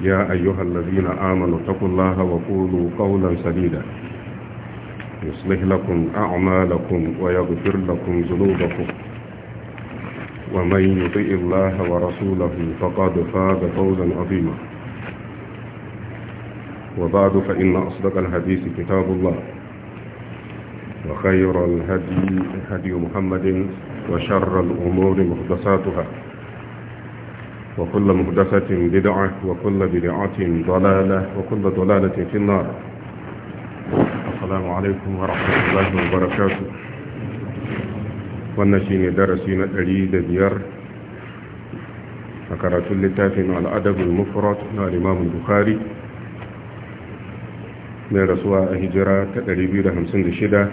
يا أيها الذين آمنوا اتقوا الله وقولوا قولا سديدا يصلح لكم أعمالكم ويغفر لكم ذنوبكم ومن يطيء الله ورسوله فقد فاز فوزا عظيما وبعد فإن أصدق الحديث كتاب الله وخير الهدي هدي محمد وشر الأمور محدثاتها وكل مهدسة بدعة وكل بدعة ضلالة وكل ضلالة في النار السلام عليكم ورحمة الله وبركاته والنشين درسين أريد بير فكرة لتافن على أدب المفرط الإمام البخاري من رسوة هجرة تقريبي لهمسين شدة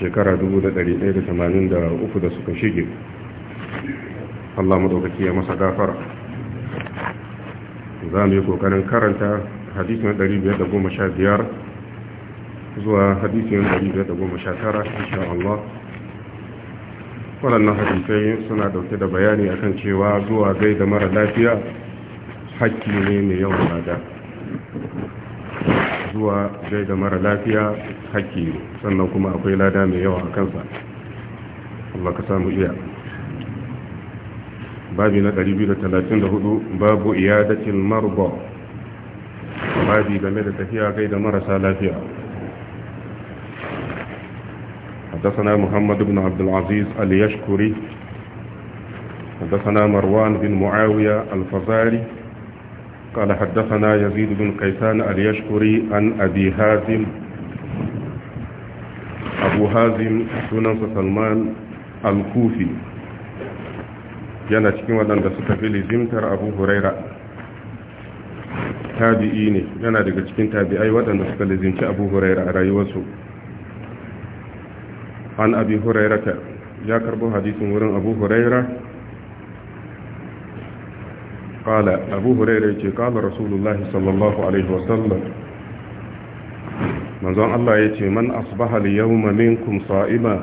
شكرا دبودة أريد أيضا ثمانين دا أفد سكشيجي Allah madaukaki ya masa gafara za mu yi kokarin karanta hadisin 515 zuwa hadisin 519 insha Allah waɗannan hadisai suna dauke da bayani akan cewa zuwa da mara lafiya hakki ne mai yawan lada zuwa da mara lafiya hakki ne sannan kuma akwai lada mai yawa a kansa Allah ka samu iya بابنا na 234 babu iyadatil إيادة المرضى بابي da tafiya قيد da لا lafiya حدثنا محمد بن عبد العزيز اليشكري حدثنا مروان بن معاوية الفزاري قال حدثنا يزيد بن قيسان اليشكري عن أبي هازم أبو هازم سنن سلمان الكوفي yana cikin waɗanda suka fi lizimtar abu huraira tabi'i ne yana daga cikin tabi'ai waɗanda suka lizimci abu huraira a rayuwarsu an abi ta. ya karbo hadisin wurin abu huraira Ƙala abu huraira ce ƙala rasulullahi sallallahu alaihi wasallam manzon Allah ya ce man asbaha al-yawma minkum sa'ima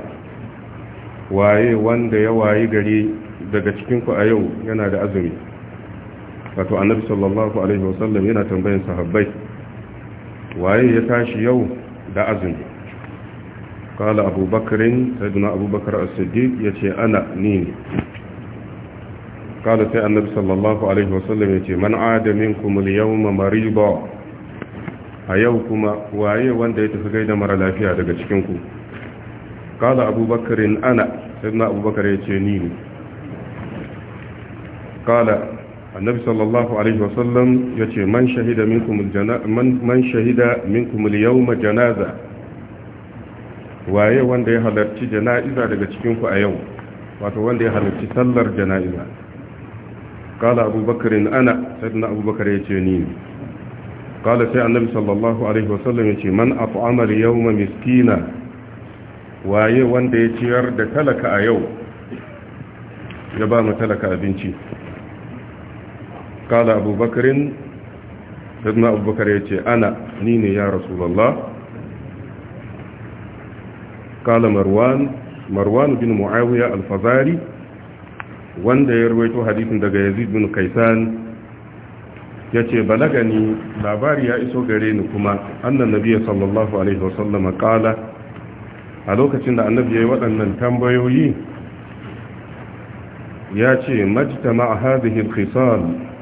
waye wanda ya wayi gari daga cikinku a yau yana da azumi wato annabi sallallahu alaihi wasallam yana tambayin sahabbai waye ya tashi yau da azumi kala abubakarin sayyiduna abubakar as-siddiq yace ana ni ne kala sai annabi sallallahu alaihi wasallam yace man aada minkum al-yawma mariba. a yau kuma waye wanda ya tafi gaida mara lafiya daga cikin ku kala abubakarin ana sai sayyiduna abubakar yace ni ne قال النبي صلى الله عليه وسلم يتي من شهد منكم الجنا من من شهد منكم اليوم جنازه waye wanda ya halarci jana'iza daga cikinku a yau wato wanda ya halarci sallar jana'iza kala abubakar ana sai na abubakar yace ni kala sai annabi sallallahu alaihi wasallam yace man at'ama al-yawma miskina waye wanda ya ciyar da talaka a yau ya ba mu talaka abinci kala abubakarin sadna abubakar ya ce ana ni ne ya rasulallah kala marwan bin mu'awiya alfazari wanda ya ruwaito hadisin daga yazid bin kaisan ya ce balagani labari ya iso gare ni kuma annan nabiya sallallahu alaihi wasallama kala a lokacin da annabi ya yi waɗannan tambayoyi ya ce ma a hadihin khisal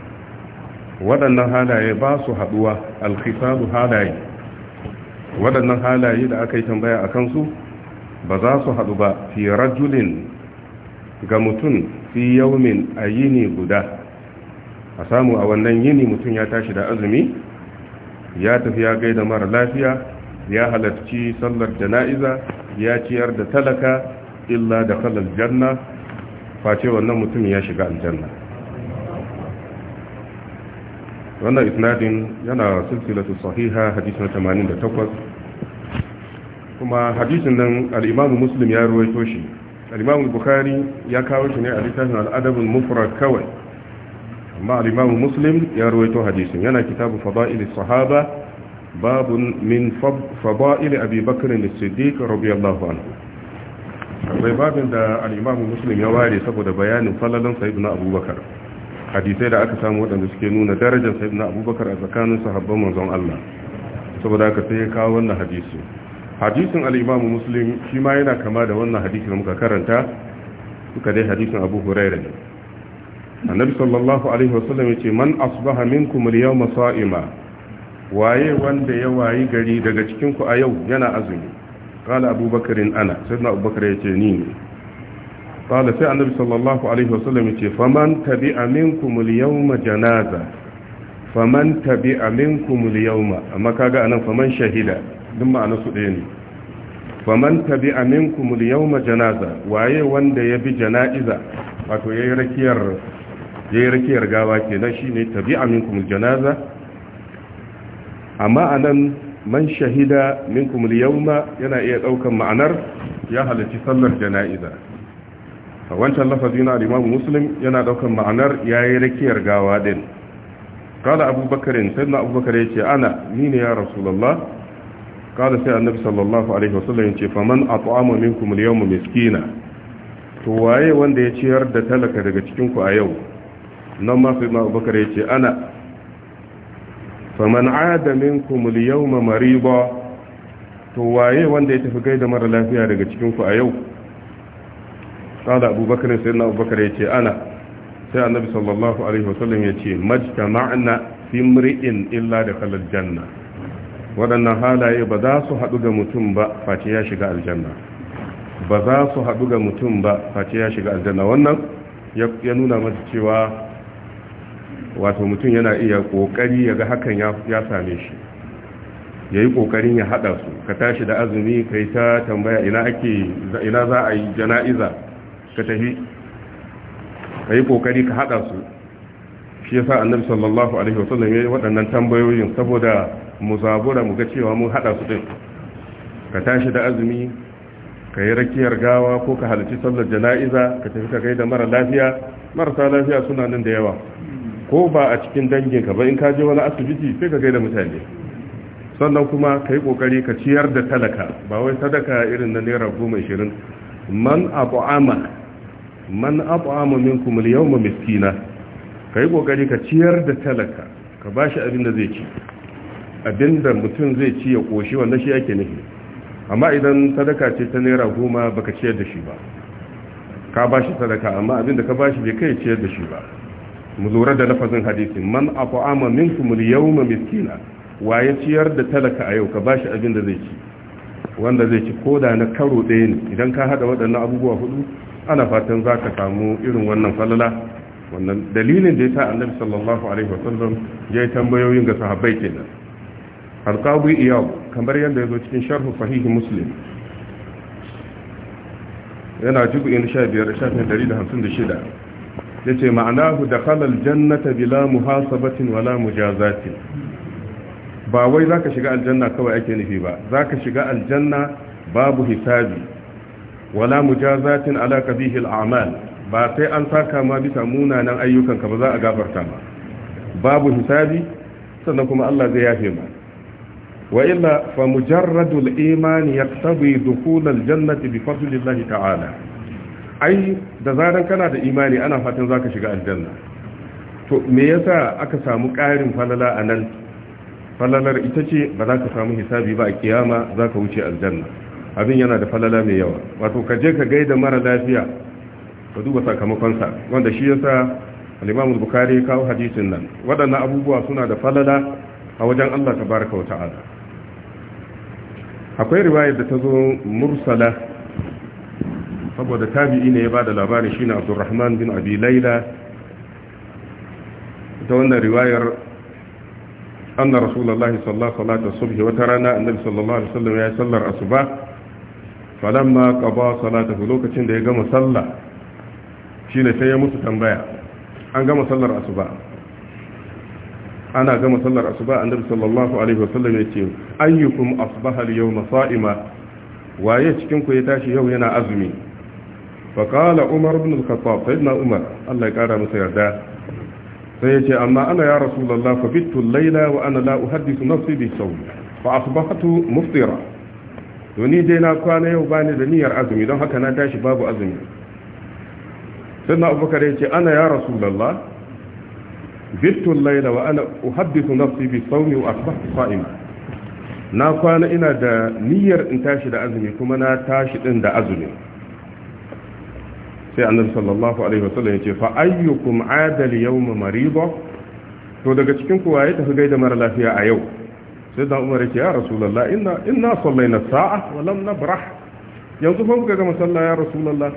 waɗannan halaye ba su haɗuwa alkhisabu halaye waɗannan halaye da aka yi tambaya a kansu ba za su haɗu ba fi rajulin ga mutum fi yaumin a yini guda a samu a wannan yini mutum ya tashi da azumi ya tafi ya gaida mara lafiya ya halarci sallar jana'iza ya ciyar da talaka illa da kalar janna face wannan mutum ya shiga aljanna wannan isnadin yana silsilatu sahiha hadisin 88 kuma hadisin nan al-Imam Muslim ya ruwaito shi al-Imam Bukhari ya kawo shi ne a littafin al mufrad kawai amma al-Imam Muslim ya ruwaito hadisin yana kitabu Fada'il as-Sahaba babu min Fada'il Abi Bakr as-Siddiq radiyallahu anhu akwai babin da al-Imam Muslim ya ware saboda bayanin falalan na Abubakar hadisai da aka samu waɗanda suke nuna darajar sai na abubakar a tsakanin sahabban manzon Allah saboda aka sai ya kawo wannan hadisi hadisin al'imamu muslim shi ma yana kama da wannan hadisi da muka karanta suka dai hadisin abu huraira ne annabi sallallahu alaihi wasallam ya ce man asbaha minkum al-yawma sa'ima waye wanda ya wayi gari daga cikin ku a yau yana azumi qala abubakarin ana sayyidina abubakar ya ce ni ne قال سي النبي صلى الله عليه وسلم فمن تبع منكم اليوم جنازة فمن تبع منكم اليوم أما كاقا أنا فمن شهد دم أنا سؤالي faman tabi aminkum al-yawma janaza waye wanda yabi janaiza wato yayi rakiyar yayi rakiyar gawa kenan shine a aminkum al-janaza amma anan man shahida minkum al yana iya daukan ma'anar ya halarci sallar janaiza A wancan lafazi na al-Imam Muslim yana daukar ma'anar yayi rakiyar gawa din kada Abubakar Abu sai sayyidina Abubakar ya ce ana ni ne ya Rasulullah kada sai Annabi sallallahu alaihi wasallam yace faman at'ama minkum al-yawma miskina to waye wanda ya ciyar da talaka daga cikin ku a yau nan ma sai sayyidina Abubakar ya ce ana faman 'ada minkum al-yawma mariba to waye wanda ya tafi gaida mara lafiya daga cikin ku a yau قال Bakar بكر سيدنا أبو بكر يتي أنا سيدنا النبي صلى الله عليه وسلم يتي ma'ana fi في illa da دخل janna. waɗannan halaye ba za su haɗu ga mutum ba face ya shiga aljanna ba za su haɗu ga mutum ba face ya shiga aljanna wannan ya nuna mata cewa wato mutum yana iya ƙoƙari ya ga hakan ya same shi ya yi ƙoƙarin ya haɗa su ka tashi da azumi ka yi ta tambaya ina za a yi jana'iza ka tafi ka yi kokari ka haɗa su shi yasa annabi sallallahu alaihi wa ya yi waɗannan tambayoyin saboda mu zabura mu ga cewa mun haɗa su ɗin ka tashi da azumi ka yi rakiyar gawa ko ka halarci sallar jana'iza ka tafi ka gaida mara lafiya marasa lafiya suna nan da yawa ko ba a cikin danginka ba in ka je wani asibiti sai ka gaida mutane sannan kuma ka yi kokari ka ciyar da talaka ba wai sadaka irin na naira goma ishirin man amak man at'ama minkum al-yawma miskina kai kokari ka ciyar da talaka ka bashi abin da zai ci abin da mutum zai ci ya koshi wanda shi yake nufi amma idan sadaka ce ta naira goma baka ciyar da shi ba ka bashi sadaka amma abin da ka bashi bai kai ciyar da shi ba mu lura da lafazin hadisi man at'ama minkum al-yawma miskina waye ciyar da talaka a yau ka bashi abin da zai ci wanda zai ci koda na karo ɗaya ne idan ka haɗa waɗannan abubuwa hudu ana fatan za ka samu irin wannan falala wannan dalilin da ya sa annabi sallallahu alaihi wasallam ya yi tambayoyin ga sahabbai kenan alqawi iyaw kamar yadda ya zo cikin sharhu sahihi muslim yana jibu in sha biyar shafin dari da hamsin da shida ya ce ma'anahu da kalar jannata bila muhasabatin wala mujazatin ba wai za ka shiga aljanna kawai ake nufi ba za ka shiga aljanna babu hisabi wala mujazatin ala kabihil a'mal ba sai an saka ma bisa munanan ayyukanka ba za a gafarta ma babu hisabi sannan kuma Allah zai yafe ma wa illa fa mujarradul imani yaktabi dukhul aljannati bi fadlillahi ta'ala ai da zaran kana da imani ana fatan zaka shiga aljanna to me yasa aka samu ƙarin falala anan falalar ita ce ba za ka samu hisabi ba a kiyama za ka wuce aljanna abin yana da falala mai yawa wato ka je ka gaida mara lafiya ka duba sakamakonsa wanda shi yasa al-Imam al-Bukhari kawo hadisin nan waɗannan abubuwa suna da falala a wajen Allah tabaraka wa ta'ala akwai riwayar da ta zo mursala saboda tabi'i ne ya bada labarin shine Abdurrahman bin Abi Layla ta wannan riwayar anna rasulullahi wata rana annabi sallallahu alaihi wasallam ya sallar asuba falamma qada salatahu lokacin da ya gama sallah shine sai ya musu tambaya an gama sallar asuba ana gama sallar asuba annabi sallallahu alaihi wasallam yace ayyukum asbaha al-yawma sa'ima waye cikin ku ya tashi yau yana azumi fa qala umar ibn al-khattab sayyidina umar Allah ya kara masa yarda sai yace amma ana ya rasulullah fa bitu al-layla wa ana la uhaddithu nafsi bi sawm fa asbahtu muftira to ni dai na kwana yau bani da niyyar azumi don haka na tashi babu azumi sannan abubakar ya ce ana ya rasulallah bittun laila wa ana uhaddithu nafsi bi sawmi wa asbahtu sa'ima na kwana ina da niyyar in tashi da azumi kuma na tashi din da azumi sai annabi sallallahu alaihi wasallam ya fa ayyukum adal yawma marida to daga cikin kuwa ya tafi gaida mara lafiya a yau sai da umar yake ya rasulullah inna inna sallaina sa'a wa lam nabrah yanzu fa muka ga masalla ya rasulullah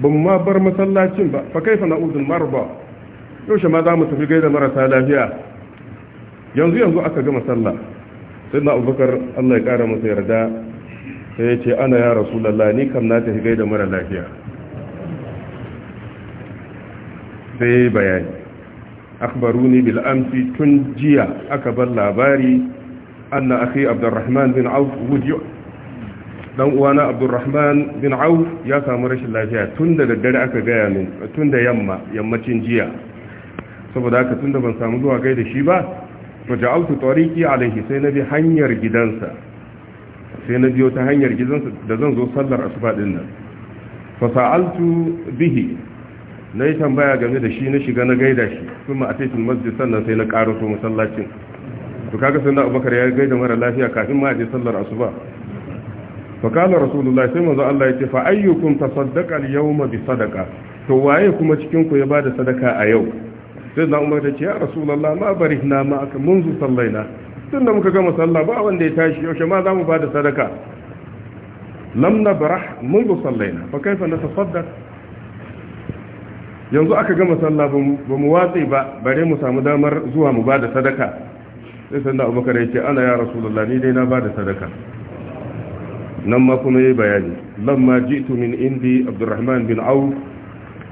ban ma bar masallacin ba fa kaifa na'udul marba yaushe ma za mu tafi gaida marasa lafiya yanzu yanzu aka gama sallah sai na abubakar allah ya kara masa yarda sai ya ce ana ya rasulallah ni kam na tafi gaida mara lafiya sai ya yi bayani akbaruni bil'amsi tun jiya aka bar labari أن dan uwana abdurrahman bin Auf ya samu rashin lafiya tun da daddare aka gaya min tun da yamma yammacin jiya saboda haka tun da ban samu zuwa gaida shi ba to ja'altu tariqi alaihi sai na bi hanyar gidansa sai na biyo ta hanyar gidansa da zan zo sallar asuba din nan fa sa'altu bihi nayi tambaya game da shi na shiga na gaida shi kuma a cikin masjid sannan sai na karaso masallacin to kaga sunna abubakar ya gaida mara lafiya kafin ma a je sallar asuba fa kana rasulullah sai manzo Allah yake fa ayyukum tasaddaqa al-yawma bi sadaqa to waye kuma cikin ku ya bada sadaka a yau sai na umar da ce ya rasulullah ma barihna ma aka munzu sallaina tunda muka gama sallah ba wanda ya tashi yaushe ma zamu bada sadaka lam nabrah munzu sallaina fa kaifa natasaddaq yanzu aka gama sallah ba mu watsi ba bare mu samu damar zuwa mu bada sadaka sai sanda abubakar ya ce ana ya rasulullah ni dai na bada sadaka nan ma kuma yi bayani lamma jitu min indi abdurrahman bin au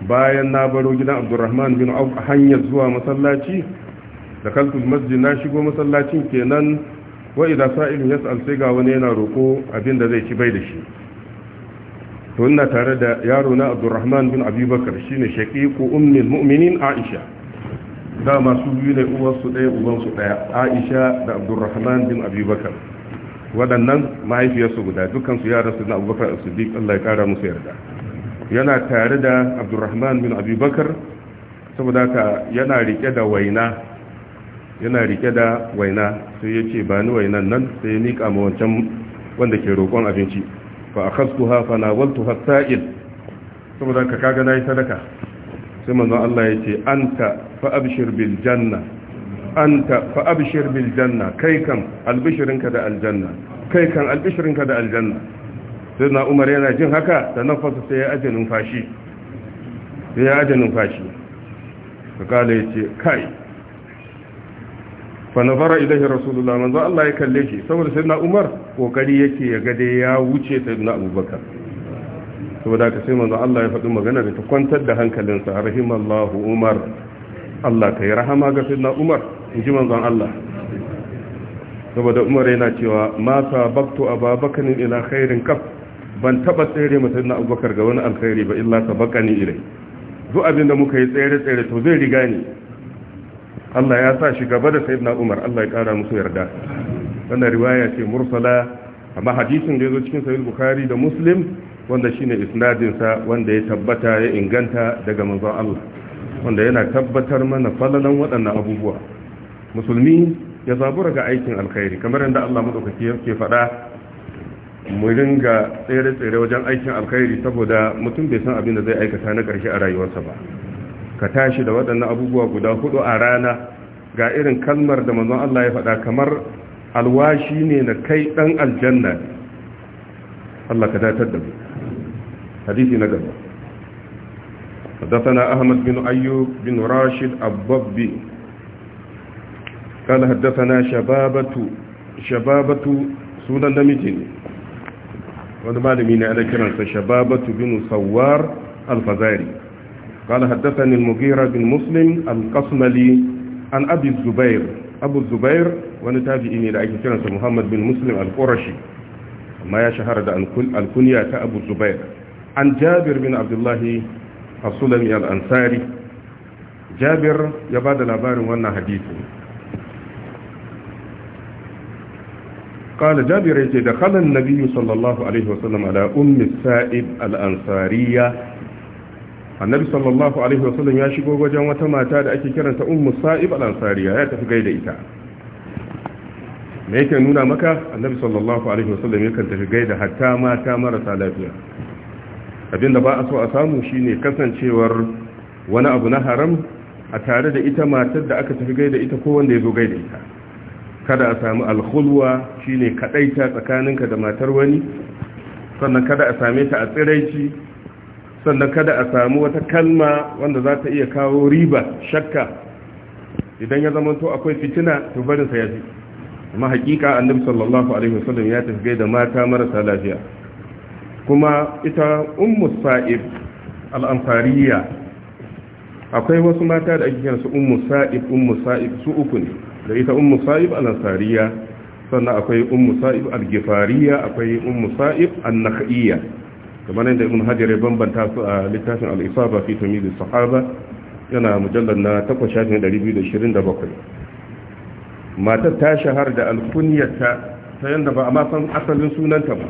bayan na baro gidan abdurrahman bin au a hanyar zuwa masallaci da kaltul masjid na shigo masallacin kenan wa sa'il ya sa'al sai ga wani yana roko abin da zai ci bai da shi to ina tare da yaro na abdurrahman bin abubakar shine shaqiqu ummul mu'minin aisha dama su biyu ne uwansu ɗaya ubansu ɗaya aisha da abdurrahman bin abubakar waɗannan mahaifiyarsu guda dukansu yaran su na abubakar siddiq allah ya kara musu yarda yana tare da abdurrahman bin abubakar saboda ka yana rike da waina yana rike da waina sai ya ce ba ni wainan nan sai ya miƙa ma wancan wanda ke roƙon abinci fa akhadtuha fa nawaltuha sa'il saboda ka kaga nayi sadaka sai manzon Allah ya ce anta fa abshir bil janna anta fa abshir bil janna kai kan albishirinka da aljanna kai kan albishirinka da aljanna sai na Umar yana jin haka da nafasa sai ya aje numfashi sai ya aje numfashi kala ya ce kai fa nazara ilaihi rasulullah manzon Allah ya kalle shi saboda sai na Umar kokari yake ya ga dai ya wuce sai na Abubakar saboda ka sai manzo Allah ya faɗi magana da ta kwantar da hankalinsa rahimallahu umar Allah ka yi rahama ga sayyidina umar in ji manzon Allah saboda umar yana cewa ma baktu ababakarin ila khairin kaf ban taba tsere mu na abubakar ga wani alkhairi ba illa sabaqani ilai duk abinda muka yi tsere tsere to zai riga ni Allah ya sa shi gaba da sayyidina Umar Allah ya kara musu yarda wannan riwaya ce mursala amma hadisin da yazo cikin sahih Bukhari da Muslim wanda shine isnadinsa wanda ya tabbata ya inganta daga manzon Allah wanda yana tabbatar mana falalan waɗannan abubuwa musulmi ya sabu ga aikin alkhairi kamar yadda Allah madaukaki yake faɗa mu ringa tsere-tsere wajen aikin alkhairi saboda mutum bai san abin da zai aikata na ƙarshe a rayuwarsa ba ka tashi da waɗannan abubuwa guda hudu a rana ga irin kalmar da manzon Allah ya faɗa kamar alwashi ne na kai ɗan aljanna Allah ka datar da mu hadisi na gaba حدثنا أحمد بن أيوب بن راشد الضبي قال حدثنا شبابة شبابة سونا نمجين ونمالمين على كرنسة شبابة بن صوار الفزاري قال حدثني المغيرة بن مسلم القصملي عن أبي الزبير أبو الزبير ونتابعيني لأي كرنسة محمد بن مسلم القرشي ما يشهر الكنية أبو الزبير an jabir bin abdullahi a al'ansari jabir ya ba da labarin wannan hadisi قال جابر يجي دخل النبي صلى الله عليه وسلم على أم السائب الأنصارية النبي صلى الله عليه وسلم يشكو وجن وتماتا da ake kiranta Ummu Sa'ib al ya tafi gaida ita me yake nuna maka annabi sallallahu alaihi wasallam yakan tafi gaida hatta mata marasa lafiya Abin da ba a so a samu shine kasancewar wani abu na haram a tare da ita matar da aka tafi gaida ita ko wanda ya zo gaida ita kada a samu alkhulwa shine kadaita tsakaninka da matar wani sannan kada a same ta a tsiraici sannan kada a samu wata kalma wanda za ta iya kawo riba shakka idan ya zama to akwai fitina to barin sa ji amma hakika annabi sallallahu alaihi wasallam ya tafi gaida mata marasa lafiya kuma ita ummu sa'ib al'amfariya akwai wasu mata da ake kiransu ummu sa'ib ummu sa'ib su uku ne da ita ummu sa'ib al'amfariya sannan akwai ummu sa'ib al-gifariya akwai ummu sa'ib an-nakhiyya kamar yadda ibn hajar ya bambanta su a littafin al-isaba fi tamyiz as-sahaba yana mujallal na 8227 matar ta shahar da al ta yanda ba a ma san asalin sunanta ba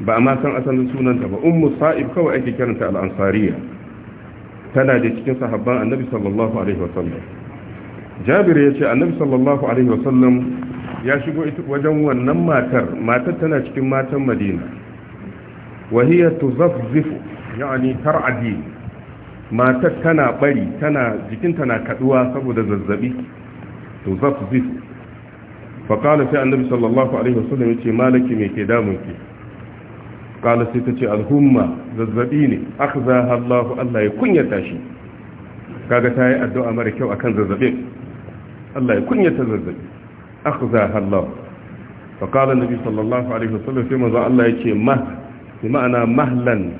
ba a ma san asalin sunanta ba ummu sa'ib kawai ake kiranta al'ansariya tana da cikin sahabban annabi sallallahu alaihi wasallam jabir ce annabi sallallahu alaihi wasallam ya shigo wajen wannan matar matar tana cikin matan madina wa hiya tuzafzifu yani tar'adi matar tana bari tana jikinta na kaduwa saboda zazzabi tuzafzifu fa qala sai annabi sallallahu alaihi wasallam yace malaki me ke damunki kala sai ta ce al'umma zazzabi ne aka zaha Allah Allah ya kunyata shi kaga ta yi addu'a mara kyau akan zazzabin Allah ya kunyata zazzabi aka zaha Allah fa kala nabi sallallahu alaihi wasallam sai manzo Allah ya ce ma bi ma'ana mahlan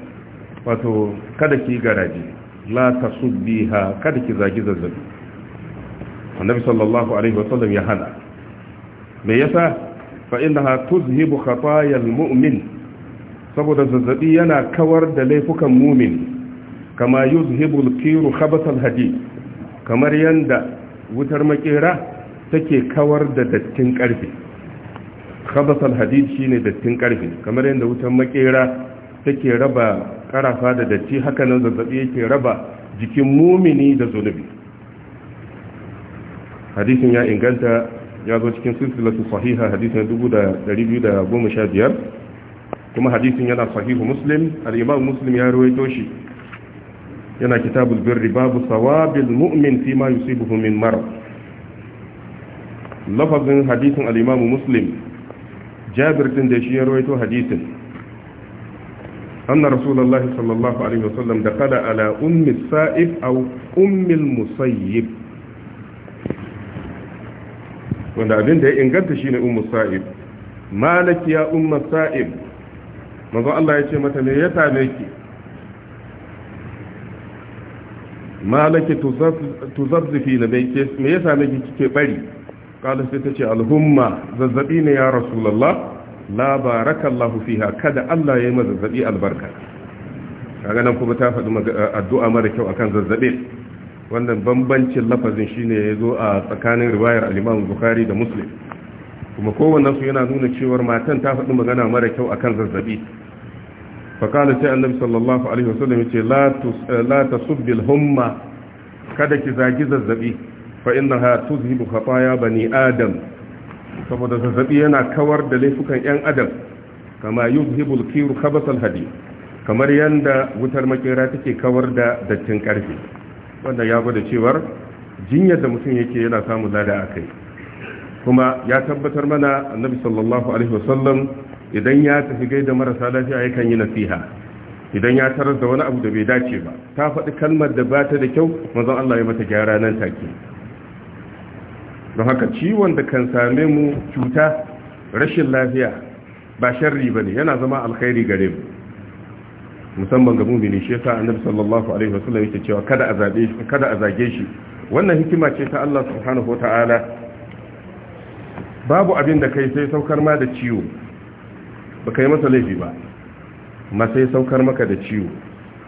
wato kada ki garaji la tasubbiha kada ki zagi zazzabi annabi sallallahu alaihi wasallam ya hana me yasa fa innaha tuzhibu khataya almu'min saboda zazzabi yana kawar da laifukan mumin kama yuzhibul kiru khabathal hadid kamar yanda wutar makera take kawar da dattin karfe khabathal hadid shine dattin karfe kamar yanda wutar makera take raba karafa da datti haka nan zazzabi yake raba jikin mumini da zunubi hadisin ya inganta ya zo cikin silsilatu sahiha hadisin 2215 kuma hadisin yana sahihu muslim al-imam muslim ya rawaito shi yana kitabul birri babu sawabil mu'min fi ma yusibuhu min marad lafazin hadisin al-imam muslim jabir din da shi ya rawaito hadisin anna rasulullah sallallahu alaihi wasallam da kada ala ummi sa'ib aw ummi al-musayyib wanda abin da ya inganta shine ummu sa'ib malaki ya ummu sa'ib manzo Allah ya ce mata me ya same ki malaki tuzazzifi na ke me ya same ki kike bari kala sai ta ce alhumma zazzabi ne ya rasulullah la barakallahu fiha kada Allah ya yi ma zazzabi albarka kaga nan kuma ta faɗi eh, addu'a mara kyau akan zazzabin wannan bambancin lafazin shine ya zo a tsakanin riwayar al-Imam Bukhari da Muslim kuma kowannen su yana nuna cewar matan ta faɗi magana mara kyau akan zazzabi faƙala sai annabi sallallahu alaihi wasallam yace la tasubbil humma kada ki zagi zazzabi fa innaha tuzhibu khataya bani adam saboda zazzabi yana kawar da laifukan yan adam kama yuzhibu al-kiru al-hadi kamar yanda wutar makera take kawar da dattin karfe wanda ya gwada cewar jinyar da mutum yake yana samun lada akai kuma ya tabbatar mana annabi sallallahu alaihi wasallam idan ya tafi gaida marasa lafiya yakan yi nasiha idan ya tarar da wani abu da bai dace ba ta faɗi kalmar da ba ta da kyau manzon Allah ya mata gyara nan take don haka ciwon da kan same mu cuta rashin lafiya ba sharri bane yana zama alkhairi gare mu musamman ga mumini shi yasa annabi sallallahu alaihi wasallam yake cewa kada a zabe shi kada a zage shi wannan hikima ce ta Allah subhanahu wataala babu abin da kai sai saukar ma da ciwo ba kai masa laifi ba ma sai saukar maka da ciwo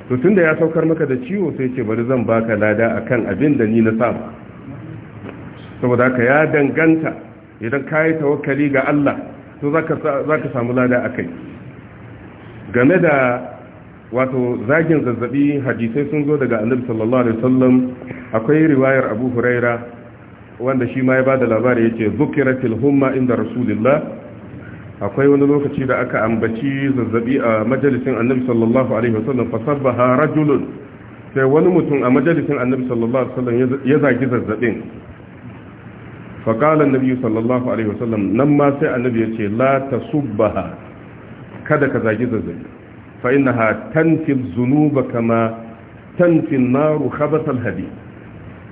to tun da ya saukar maka da ciwo sai ce bari zan baka lada akan abin da ni na samu saboda ka ya danganta idan ka yi tawakkali ga Allah to za ka samu lada a kai game da wato zagin zazzabi hadisai sun zo daga annabi sallallahu alaihi wasallam akwai riwayar abu huraira wanda shi ma ya ba da labari ya ce zukiratil humma inda rasulillah akwai wani lokaci da aka ambaci zazzabi a majalisin annabi sallallahu alaihi wasallam fa sabbaha rajulun sai wani mutum a majalisin annabi sallallahu alaihi wasallam ya zagi zazzabin fa nabi sallallahu alaihi wasallam nan ma sai annabi ce la tasubbaha kada ka zagi zazzabi fa ina ha tanfi zunuba kama tanfi naru nar khabath hadith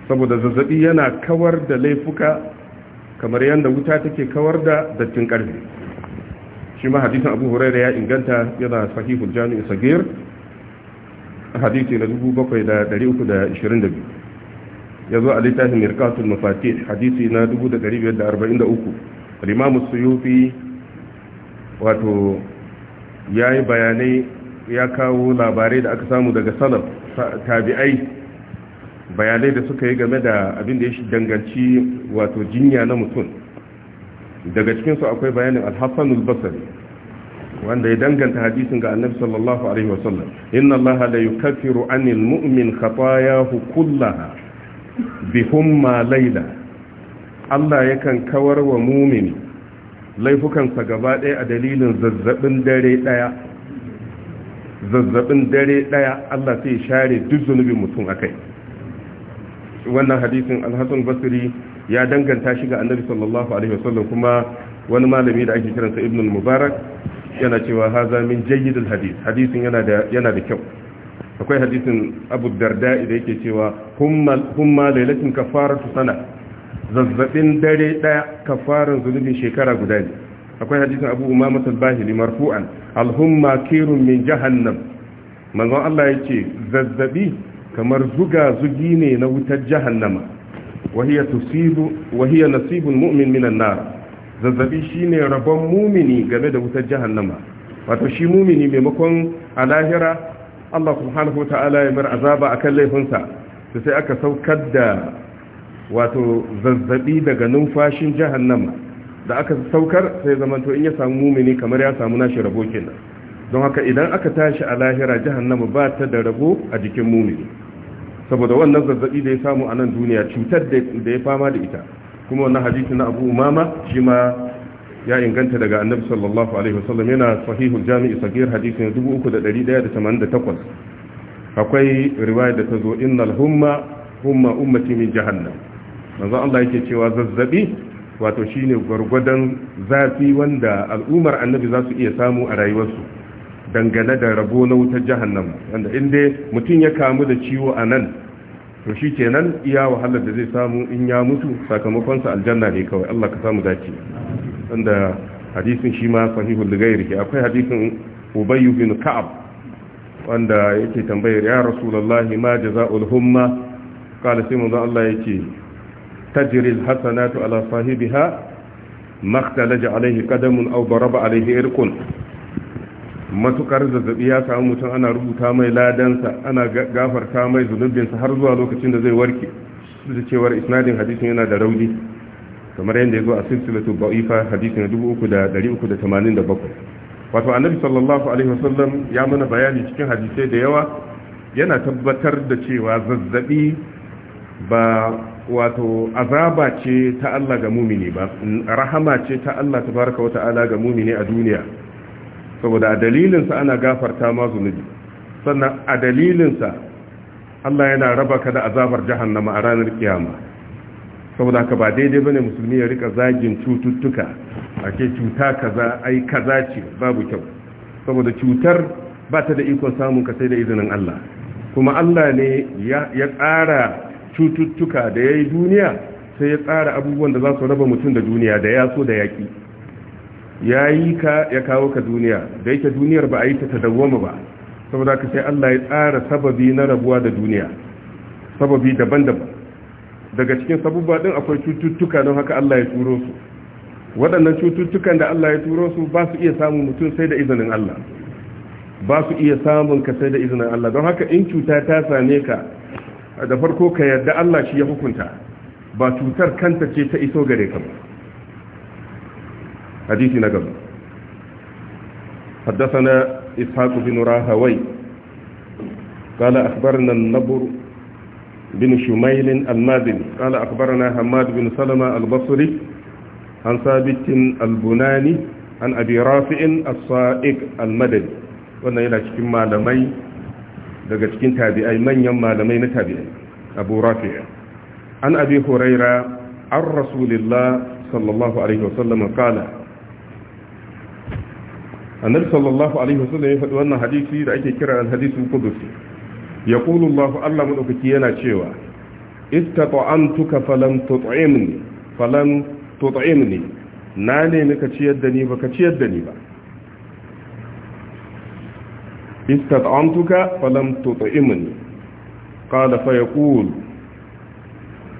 saboda zazzabi yana kawar da laifuka kamar yadda wuta take kawar da dattin karfe shi ma hadisin abu huraira ya inganta yana sahihul jami'in sagir hadisi na 7322 ya zo a littafin mirkatul mafati hadisi na 1543 al suyufi wato ya yi bayanai ya kawo labarai da aka samu daga salaf tabi'ai bayanai da suka yi game da abin da ya danganci wato jinya na mutum daga cikinsu akwai bayanin alhassanul basari wanda ya danganta hadisin ga annabi sallallahu alaihi wasallam inna allaha la yukaffiru anil mu'min khatayahu kullaha bi humma layla Allah yakan kawar wa mumini laifukansa gaba ɗaya a dalilin zazzabin dare ɗaya zazzabin dare ɗaya Allah sai share duk zunubin mutum akai wannan hadisin alhassan basri ya danganta shi ga annabi sallallahu alaihi wasallam kuma wani malami da ake kiransa ibn mubarak yana cewa haza min jayyidul hadis hadisin yana da yana da kyau akwai hadisin abu darda da yake cewa humma lailatin kafaratu sana zazzabin dare daya kafaran zunubin shekara guda ne akwai hadisin abu umama al marfu'an al-humma kirun min jahannam manzon Allah yake zazzabi kamar zuga-zugi ne na wutar jahannama wahiya nasibin mu'min minan nar zazzabi shine rabon mumini game da wutar jahannama wato shi mumini maimakon a lahira allah subhanahu ta'ala ya mar azaba a laifinsa su sai aka saukar da wato zazzabi daga numfashin jahannama da aka saukar sai zamanto in ya samu mumini kamar ya samu nashi rabo kenan don haka idan aka tashi a lahira jahannama ba ta da rabo a jikin mumini saboda wannan zazzabi da ya samu a nan duniya cutar da ya fama da ita kuma wannan hadisi na abu umama shi ma ya inganta daga annabi sallallahu alaihi wasallam yana sahihul jami'i sagir hadisi na 3188 akwai riwaya da ta zo innal humma humma ummati min jahannam manzo Allah yake cewa zazzabi wato shine gwargwadon zafi wanda al'ummar annabi za su iya samu a rayuwarsu dangane da rabo na wutar jahannama wanda inda mutum ya kamu da ciwo a nan to shi kenan iya wahalar da zai samu in ya mutu sakamakonsa aljanna ne kawai Allah ka samu dace wanda hadisin shi ma sahihul ligairi akwai hadisin ubay bin ka'ab wanda yake tambayar ya rasulullahi ma jazaa'ul humma qala sai manzo Allah yake tajri alhasanatu ala sahibiha makhtalaja alayhi qadamun aw daraba alayhi irqun matukar zazzabi ya samu mutum ana rubuta mai ladansa ana gafarta mai zunubinsa har zuwa lokacin da zai warke su da cewar isnadin hadisin yana da rauni kamar yadda ya zo a silsilatu ba'ifa hadisi da wato annabi sallallahu alaihi wasallam ya mana bayani cikin hadisai da yawa yana tabbatar da cewa zazzabi ba wato azaba ce ta Allah ga mumini ba rahama ce ta Allah tabaraka wa ta'ala ga mumini a duniya saboda a dalilinsa ana gafarta ma zunubi sannan a dalilinsa Allah yana raba ka da azabar jahannama a ranar kiyama saboda ka ba daidai bane musulmi ya rika zagin cututtuka ake cuta kaza ai kaza ce babu kyau saboda cutar ba ta da ikon samun ka sai da izinin Allah kuma Allah ne ya tsara cututtuka da ya yi duniya sai ya tsara abubuwan da za su raba mutum da duniya da ya so da yaƙi ya yi ka ya kawo ka duniya da yake duniyar ba a yi ta tadawwama ba saboda ka sai Allah ya tsara sababi na rabuwa da duniya sababi daban-daban daga cikin sabubba din akwai cututtuka don haka Allah ya turo su waɗannan cututtukan da Allah ya turo su ba su iya samun mutum sai da izinin Allah ba su iya samun ka sai da izinin Allah don haka in cuta ta same ka da farko ka yarda Allah shi ya hukunta ba cutar kanta ce ta iso gare ka ba hadisi na gaba حدثنا إسحاق بن راهوي قال أخبرنا النبر بن شميل المازني قال أخبرنا حماد بن سلمة البصري عن ثابت البناني عن أبي رافع الصائق المدني وأنا إلى شكل معلمي daga cikin tabi'ai manyan malamai na tabi'ai abu rafi'a an abi huraira an rasulillah sallallahu alaihi wasallam kala annabi sallallahu alaihi wasallam ya faɗi wannan hadisi da ake kira al-hadisul qudusi yaqulu Allah Allah madaukaki yana cewa istata'antuka falam tut'imni falam tut'imni na ne ka ciyar da ni baka ciyar da ni ba istata'antuka falam tut'imni qala fa yaqul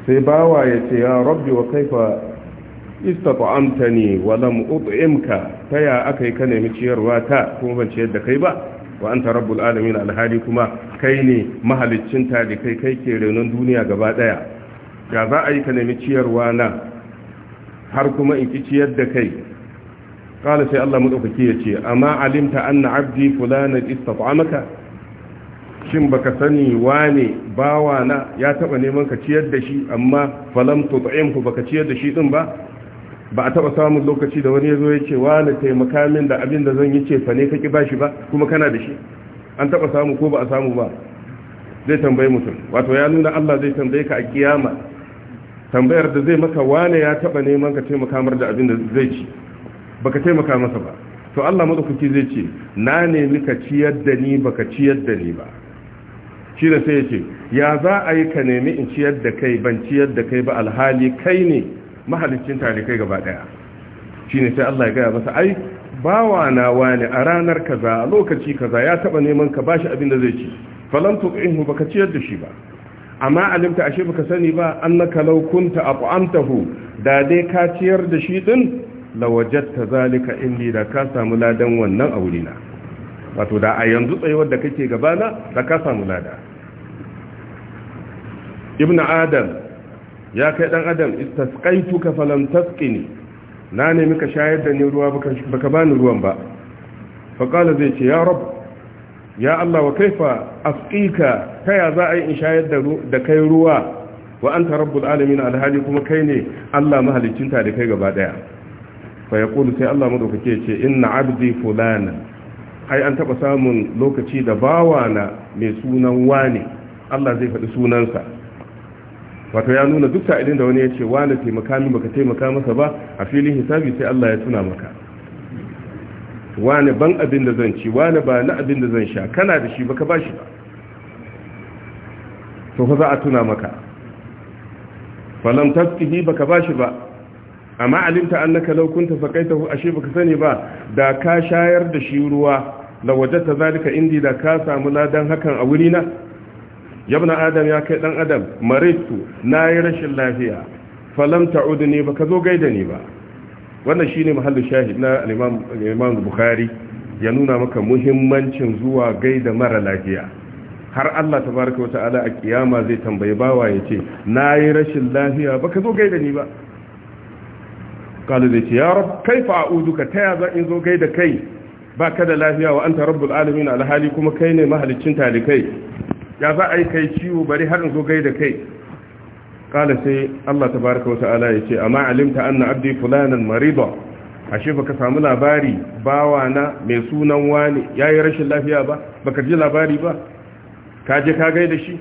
sai bawa ya ce ya rabbi wa kaifa amtani wa lam ut'imka taya akai ka nemi ciyarwa ta kuma ban ciyar da kai ba wa anta rabbul alamin alhali kuma kai ne mahaliccin ta da kai kai ke renon duniya gaba daya ya za a yi ka nemi ciyarwa na har kuma in ki ciyar da kai qala sai Allah madaukaki ya ce amma alimta anna abdi fulana istata'amaka shin baka sani wane bawa na ya taba neman ka ciyar da shi amma falam tut'imhu baka ciyar da shi din ba ba a taba samun lokaci da wani ya zo ya ce wani taimaka min da abin da zan yi ce fa ne kaki bashi ba kuma kana da shi an taba samu ko ba a samu ba zai tambaye mutum wato ya nuna Allah zai tambaye ka a kiyama tambayar da zai maka wane ya taba neman ka taimaka mar da abin da zai ci baka taimaka masa ba to Allah madaukaki zai ce na nemi ka ciyar da ni baka ciyar da ni ba shi da sai ya ce ya za a yi ka nemi in ciyar da kai ban ciyar da kai ba alhali kai ne mahalicin talikai gaba daya ne sai Allah ya gaya masa ai bawa na wani a ranar kaza a lokaci kaza ya taba neman ka bashi abin da zai ci in hu baka ciyar da shi ba amma alimta ashe baka sani ba annaka law kunta aqamtahu da dai ka ciyar da shi din lawajatta zalika indi da ka samu ladan wannan aurina wato da a yanzu tsayuwar da kake gabana da ka samu lada ibnu adam ya kai dan adam istasqaituka falam tasqini na ne ka shayar da ni ruwa baka bani ruwan ba fa qala zai ce ya rab ya Allah wa kaifa asqika kaya za a yi in shayar da da kai ruwa wa anta rabbul alamin alhadi kuma kai ne Allah ta da kai gaba daya fa yaqulu sai Allah madaukake ce inna abdi fulana ai an taba samun lokaci da bawana mai sunan wane Allah zai faɗi sunansa wato ya nuna duk sa'idin da wani ya ce wani taimaka min baka taimaka masa ba a filin hisabi sai Allah ya tuna maka wani ban abin da zan ci wani ba na abin da zan sha kana da shi baka bashi ba to fa za a tuna maka falam tafkihi baka bashi ba amma alimta annaka law kunta faqaitahu ashe baka sani ba da ka shayar da shi ruwa lawajata zalika indi da ka samu ladan hakan a wurina yabna adam ya kai dan adam maritu nayi rashin lafiya falam ne ba ka zo gaida ni ba wannan shine mahallin shahid na al-imam bukhari ya nuna maka muhimmancin zuwa gaida mara lafiya har Allah tabaraka wa ta'ala a kiyama zai tambayi bawa yace nayi rashin lafiya ba ka zo gaida ni ba kalu zai ce ya rab kaifa a'uduka ta ya in zo gaida kai ba ka da lafiya wa anta rabbul alamin alhali kuma kai ne mahalicin talikai ya za a yi kai ciwo bari har in zo gai da kai kala sai Allah tabaraka wata'ala ya ce amma alimta anna abdi fulanan a ashe baka samu labari bawana mai sunan wani yayi rashin lafiya ba baka ji labari ba ka je ka gai da shi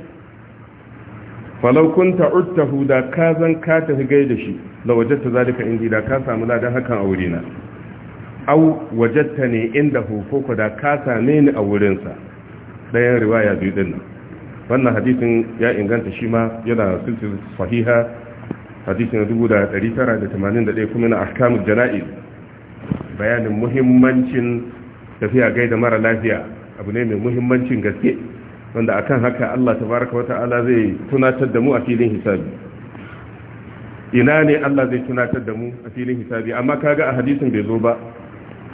falau kunta uttahu da ka zan ka tafi gai da shi da wajatta zalika indi da ka samu ladan hakan a na au wajatta ne inda hu da ka same ni a wurinsa ɗayan riwaya biyu ɗin. wannan hadisin ya inganta shi ma yana silsil sahiha hadisin 1981 kuma na ahkamul jana'iz bayanin muhimmancin tafiya gaida mara lafiya abu ne mai muhimmancin gaske wanda akan haka Allah tabaraka wata'ala zai tunatar da mu a filin hisabi ina ne Allah zai tunatar da mu a filin hisabi amma kaga a hadisin bai zo ba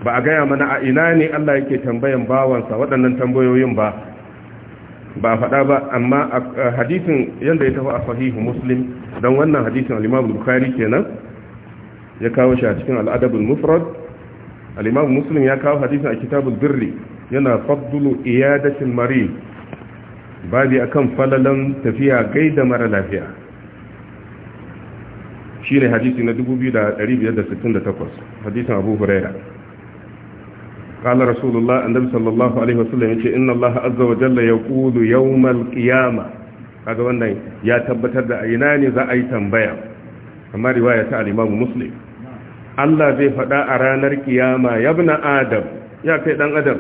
ba a gaya mana a ina ne Allah yake tambayan bawansa waɗannan tambayoyin ba ba a faɗa ba amma hadisin yadda ya tafi a sahihu muslim don wannan hadisin al'imamu bukari kenan ya kawo shi a cikin al'adabul mufrad al'imamu muslim ya kawo hadisin a kitabul birri yana fadulu iyadashin mari babi akan falalan tafiya gaida mara lafiya shi ne hadisi na 2568 hadisin abu huraira قال رسول الله النبي صلى الله عليه وسلم يقول إن الله عز وجل يقول يوم القيامة هذا وانا يا تبتد أينان ذا أي تنبيع كما رواية الإمام مسلم الله زي فدا أرانا القيامة يا ابن آدم يا كيدان آدم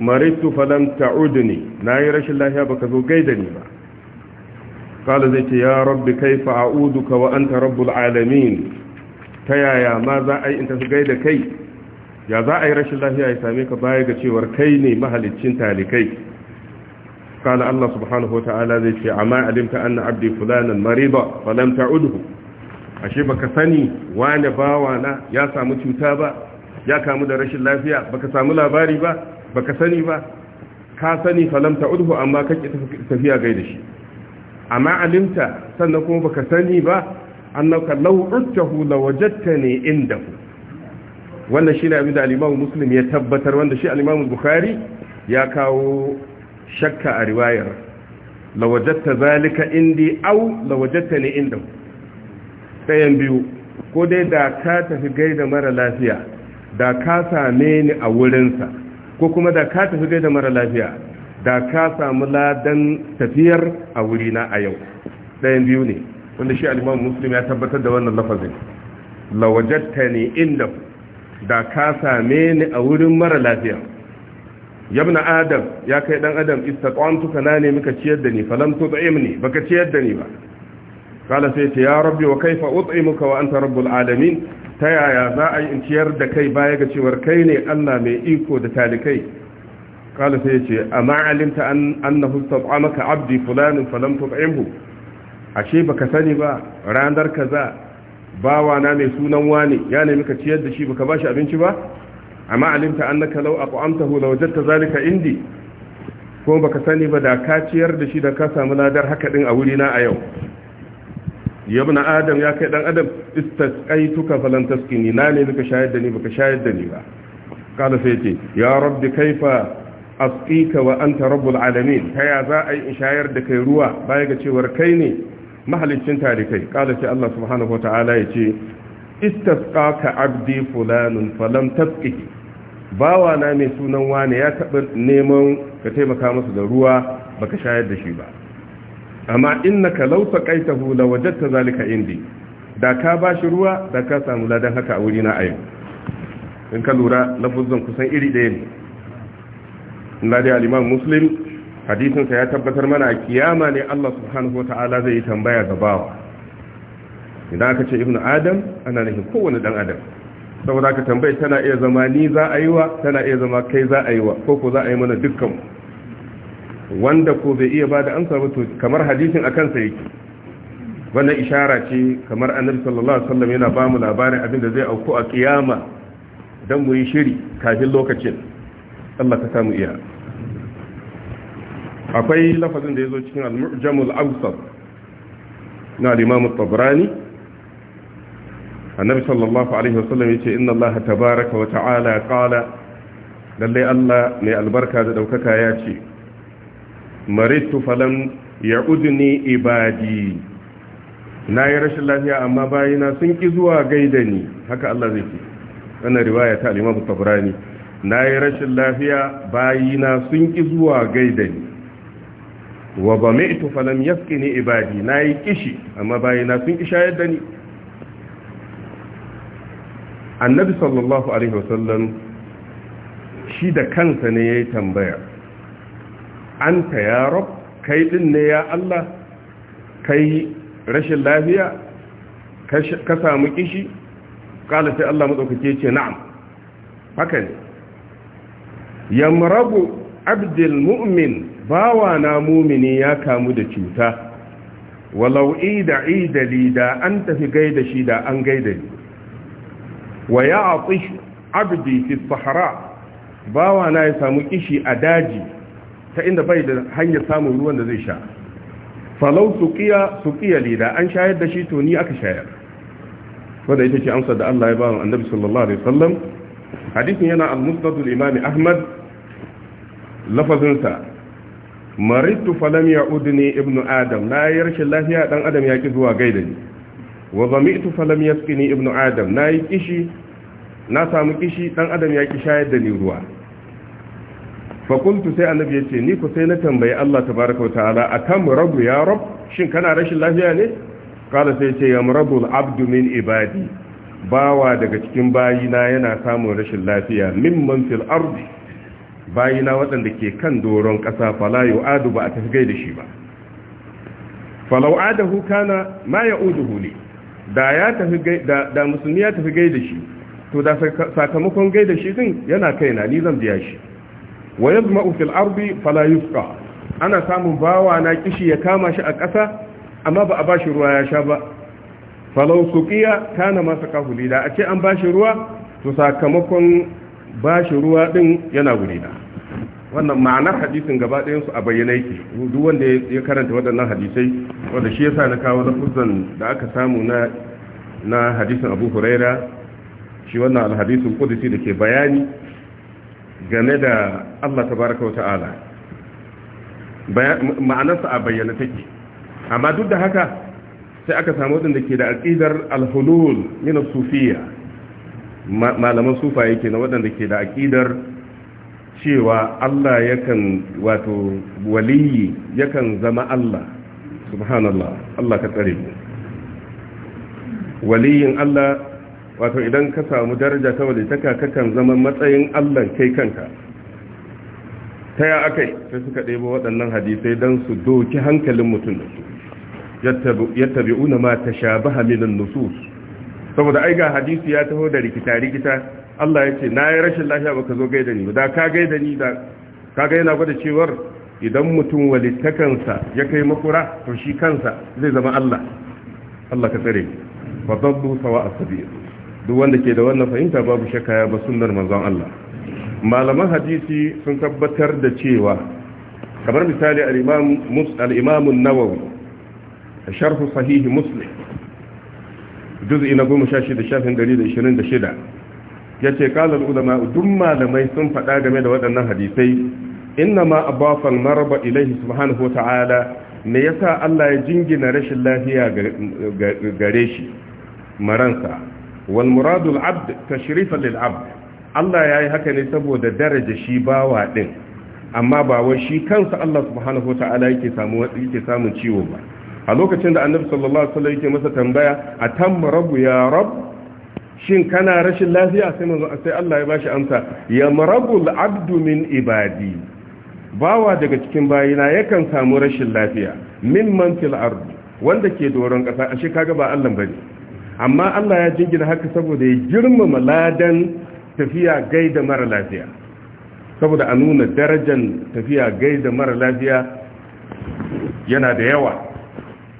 مرضت فلم تعودني ناي رش الله يا بكذو قيدني با قال زي يا رب كيف أعودك وأنت رب العالمين تيايا ماذا أي انت في قيد كيف ya za a yi rashin lafiya ya same ka baya ga cewar kai ne mahaliccin talikai قال Allah سبحانه وتعالى zai ce عما علمت أن عبدي فلانا Mariba فلم تعده ashe baka sani wane bawana ya samu cuta ba ya kamu da rashin lafiya baka samu labari ba baka sani ba ka sani falam ta'udhu amma kake tafiya gai da shi amma alimta sannan kuma baka sani ba annaka law uttahu lawajadtani indahu wannan shine abin da al-Imam Muslim ya tabbatar wanda shi al-Imam Bukhari ya kawo shakka a riwayar lawajatta zalika indi au lawajatta ne inda ɗayan biyu ko dai da ka tafi gaida mara lafiya da ka same ni a wurinsa ko kuma da ka tafi gaida mara lafiya da ka samu ladan tafiyar a wurina a yau ɗayan biyu ne wanda shi alimam muslim ya tabbatar da wannan lafazin lawajatta ne inda da ka same ni a wurin mara lafiya yabna adam ya kai dan adam istaqamtu kana ne muka ciyar da ni falam tut'imni baka ciyar da ni ba kala sai ce ya rabbi wa kaifa ut'imuka wa anta rabbul alamin ta yaya za a yi in ciyar da kai baya ga cewar kai ne Allah mai iko da talikai kala sai ce amma alimta annahu istaqamaka abdi fulanin falam tut'imhu ashe baka sani ba ranar kaza bawa na mai sunan wani ya nemi ka ciyar da shi baka bashi abinci ba amma alimta annaka law aqamtahu jatta zalika indi ko baka sani ba da ka ciyar da shi da ka samu ladar haka din a wuri na a yau yabna adam ya kai dan adam istasqaituka falan taskini na ne baka shayar da ni baka shayar da ni ba kala sai ce ya rabbi kaifa asqika wa anta rabbul alamin ya za a yi shayar da kai ruwa baya ga cewar kai ne mahalicin tarikai kala ce Allah subhanahu wataala ya ce istasqa ka abdi fulanin falam tasqihi bawa na mai sunan wani ya taba neman ka taimaka masa da ruwa baka shayar da shi ba amma innaka hula wajen ta zalika indi da ka ba shi ruwa da ka samu ladan haka a wuri na ayo in ka lura lafuzan kusan iri ɗaya ne Allah dai al-Imam Muslim hadisinsa ya tabbatar mana a kiyama ne Allah subhanahu wa ta'ala zai yi tambaya ga bawa idan aka ce ibnu adam ana nufin kowane dan adam saboda aka tambaye tana iya zama ni za a yi wa tana iya zama kai za a yi wa ko ko za a yi mana dukkanmu wanda ko bai iya ba da amsa ba to kamar hadisin akan sa yake wannan ishara ce kamar annabi sallallahu alaihi wasallam yana ba mu labarin abin da zai auku a kiyama dan mu yi shiri kafin lokacin Allah ka samu iya akwai lafazin da ya zo cikin al-mu'jamul awsat na al-imam tabrani annabi sallallahu alaihi wasallam yace inna allaha tabaaraka wa ta'ala qala lalle allah mai albarka da daukaka ya ce maritu falam ya'udni ibadi na yi rashin lafiya amma bayina sun ki zuwa gaida ni haka allah zai ce wannan riwaya ta al-imam tabrani na yi rashin lafiya bayina sun ki zuwa gaida ni wa ba mai ito falam yaski ne ibadi na yi kishi amma bayana sun kisha yadda ni annabi sallallahu alaihi wasallam shi da kansa ne ya yi tambaya an ta ya kai din ne ya Allah kai rashin lafiya ka samu kishi kala sai Allah matsaukake ce na'am haka ne yamrabu abdul mu'min bawa na mumini ya kamu da cuta walau ida idali da an tafi gaida shi da an gaida ni wa ya atish abdi fi sahara bawa na ya samu kishi a daji ta inda bai da hanyar samun ruwan da zai sha falau suqiya suqiya li da an shayar da shi to ni aka shayar wanda ita ce amsar da Allah ya ba wa annabi sallallahu alaihi wasallam hadisin yana al-musnad al-imam ahmad lafazinsa maritu falam udni ibnu adam na yi rashin lafiya dan adam ya ki zuwa gaida ni wa zami'tu falam yasqini ibnu adam na yi kishi na samu kishi dan adam ya ki shayar da ni ruwa fa kuntu sai annabi yace ni ko sai na tambayi Allah tabaaraka ta'ala atam rabu ya rabb shin kana rashin lafiya ne kala sai yace ya al-abdu min ibadi bawa daga cikin bayina yana samun rashin lafiya mimman fil ardi bayina waɗanda ke kan doron ƙasa fala adu ba a tafi gai da shi ba falau adahu kana ma uduhu ne da ya tafi da da musulmi ya tafi gai da shi to da sakamakon gai da shi din yana kaina ni zan biya shi wa yazma'u fil ardi fala yusqa ana samun bawa na kishi ya kama shi a ƙasa amma ba a bashi ruwa ya sha ba falau suqiya kana ma saqahu da a ce an bashi ruwa to sakamakon ba shi ruwa ɗin yana gurina wannan ma'anar hadisin gaba ɗayan su a bayyana yake duk wanda ya karanta waɗannan hadisai wanda shi yasa na kawo lafuzan da aka samu na na hadisin Abu Huraira shi wannan alhadisul qudsi dake bayani game da Allah tabaraka wa ta'ala ma'anarsa a bayyana take amma duk da haka sai aka samu waɗanda ke da aƙidar alhulul min sufiya malaman sufaye ke na waɗanda ke da aƙidar cewa Allah yakan wato waliyi yakan zama Allah subhanallah Allah ka tsare mu waliyin Allah wato idan ka samu daraja ta ka kakan zama matsayin Allah kai kanka ta ya akai sai suka ɗebo waɗannan hadisai don su doki hankalin mutum da su yattabi'una ma tashabaha minan nusus saboda ai ga hadisi ya taho da rikita rikita Allah ya ce na yi rashin lafiya ka zo gaida ni da ka gaida ni da ka gai na gwada cewar idan mutum walittakansa ya kai makura to shi kansa zai zama Allah Allah ka tsare fa dallu sawa as-sabil duk wanda ke da wannan fahimta babu shakka ya ba sunnar manzon Allah malaman hadisi sun tabbatar da cewa kamar misali al-imam mus al-imam an-nawawi sharh sahih muslim juz'i na shida shafin 126 yace kalar ulama duk malamai sun faɗa game da waɗannan hadisai inna ma a bafan maraba ilaihi subhanahu ta'ala me yasa Allah ya jingina rashin lafiya gare shi maransa wal muradu abd tashrifan lil-abd Allah yayi haka ne saboda daraja shi bawa din amma ba wai shi kansa Allah subhanahu wata'ala yake samu yake samun ciwo ba a lokacin da annabi sallallahu alaihi wasallam yake masa tambaya a rabu ya rab shin kana rashin lafiya sai manzo sai Allah ya bashi amsa ya marabul abdu min ibadi bawa daga cikin bayina yakan samu rashin lafiya min man fil ard wanda ke doron kasa ashe kaga ba Allah bane amma Allah ya jingina haka saboda ya girmama ladan tafiya gaida mara lafiya saboda a nuna darajar tafiya gaida mara lafiya yana da yawa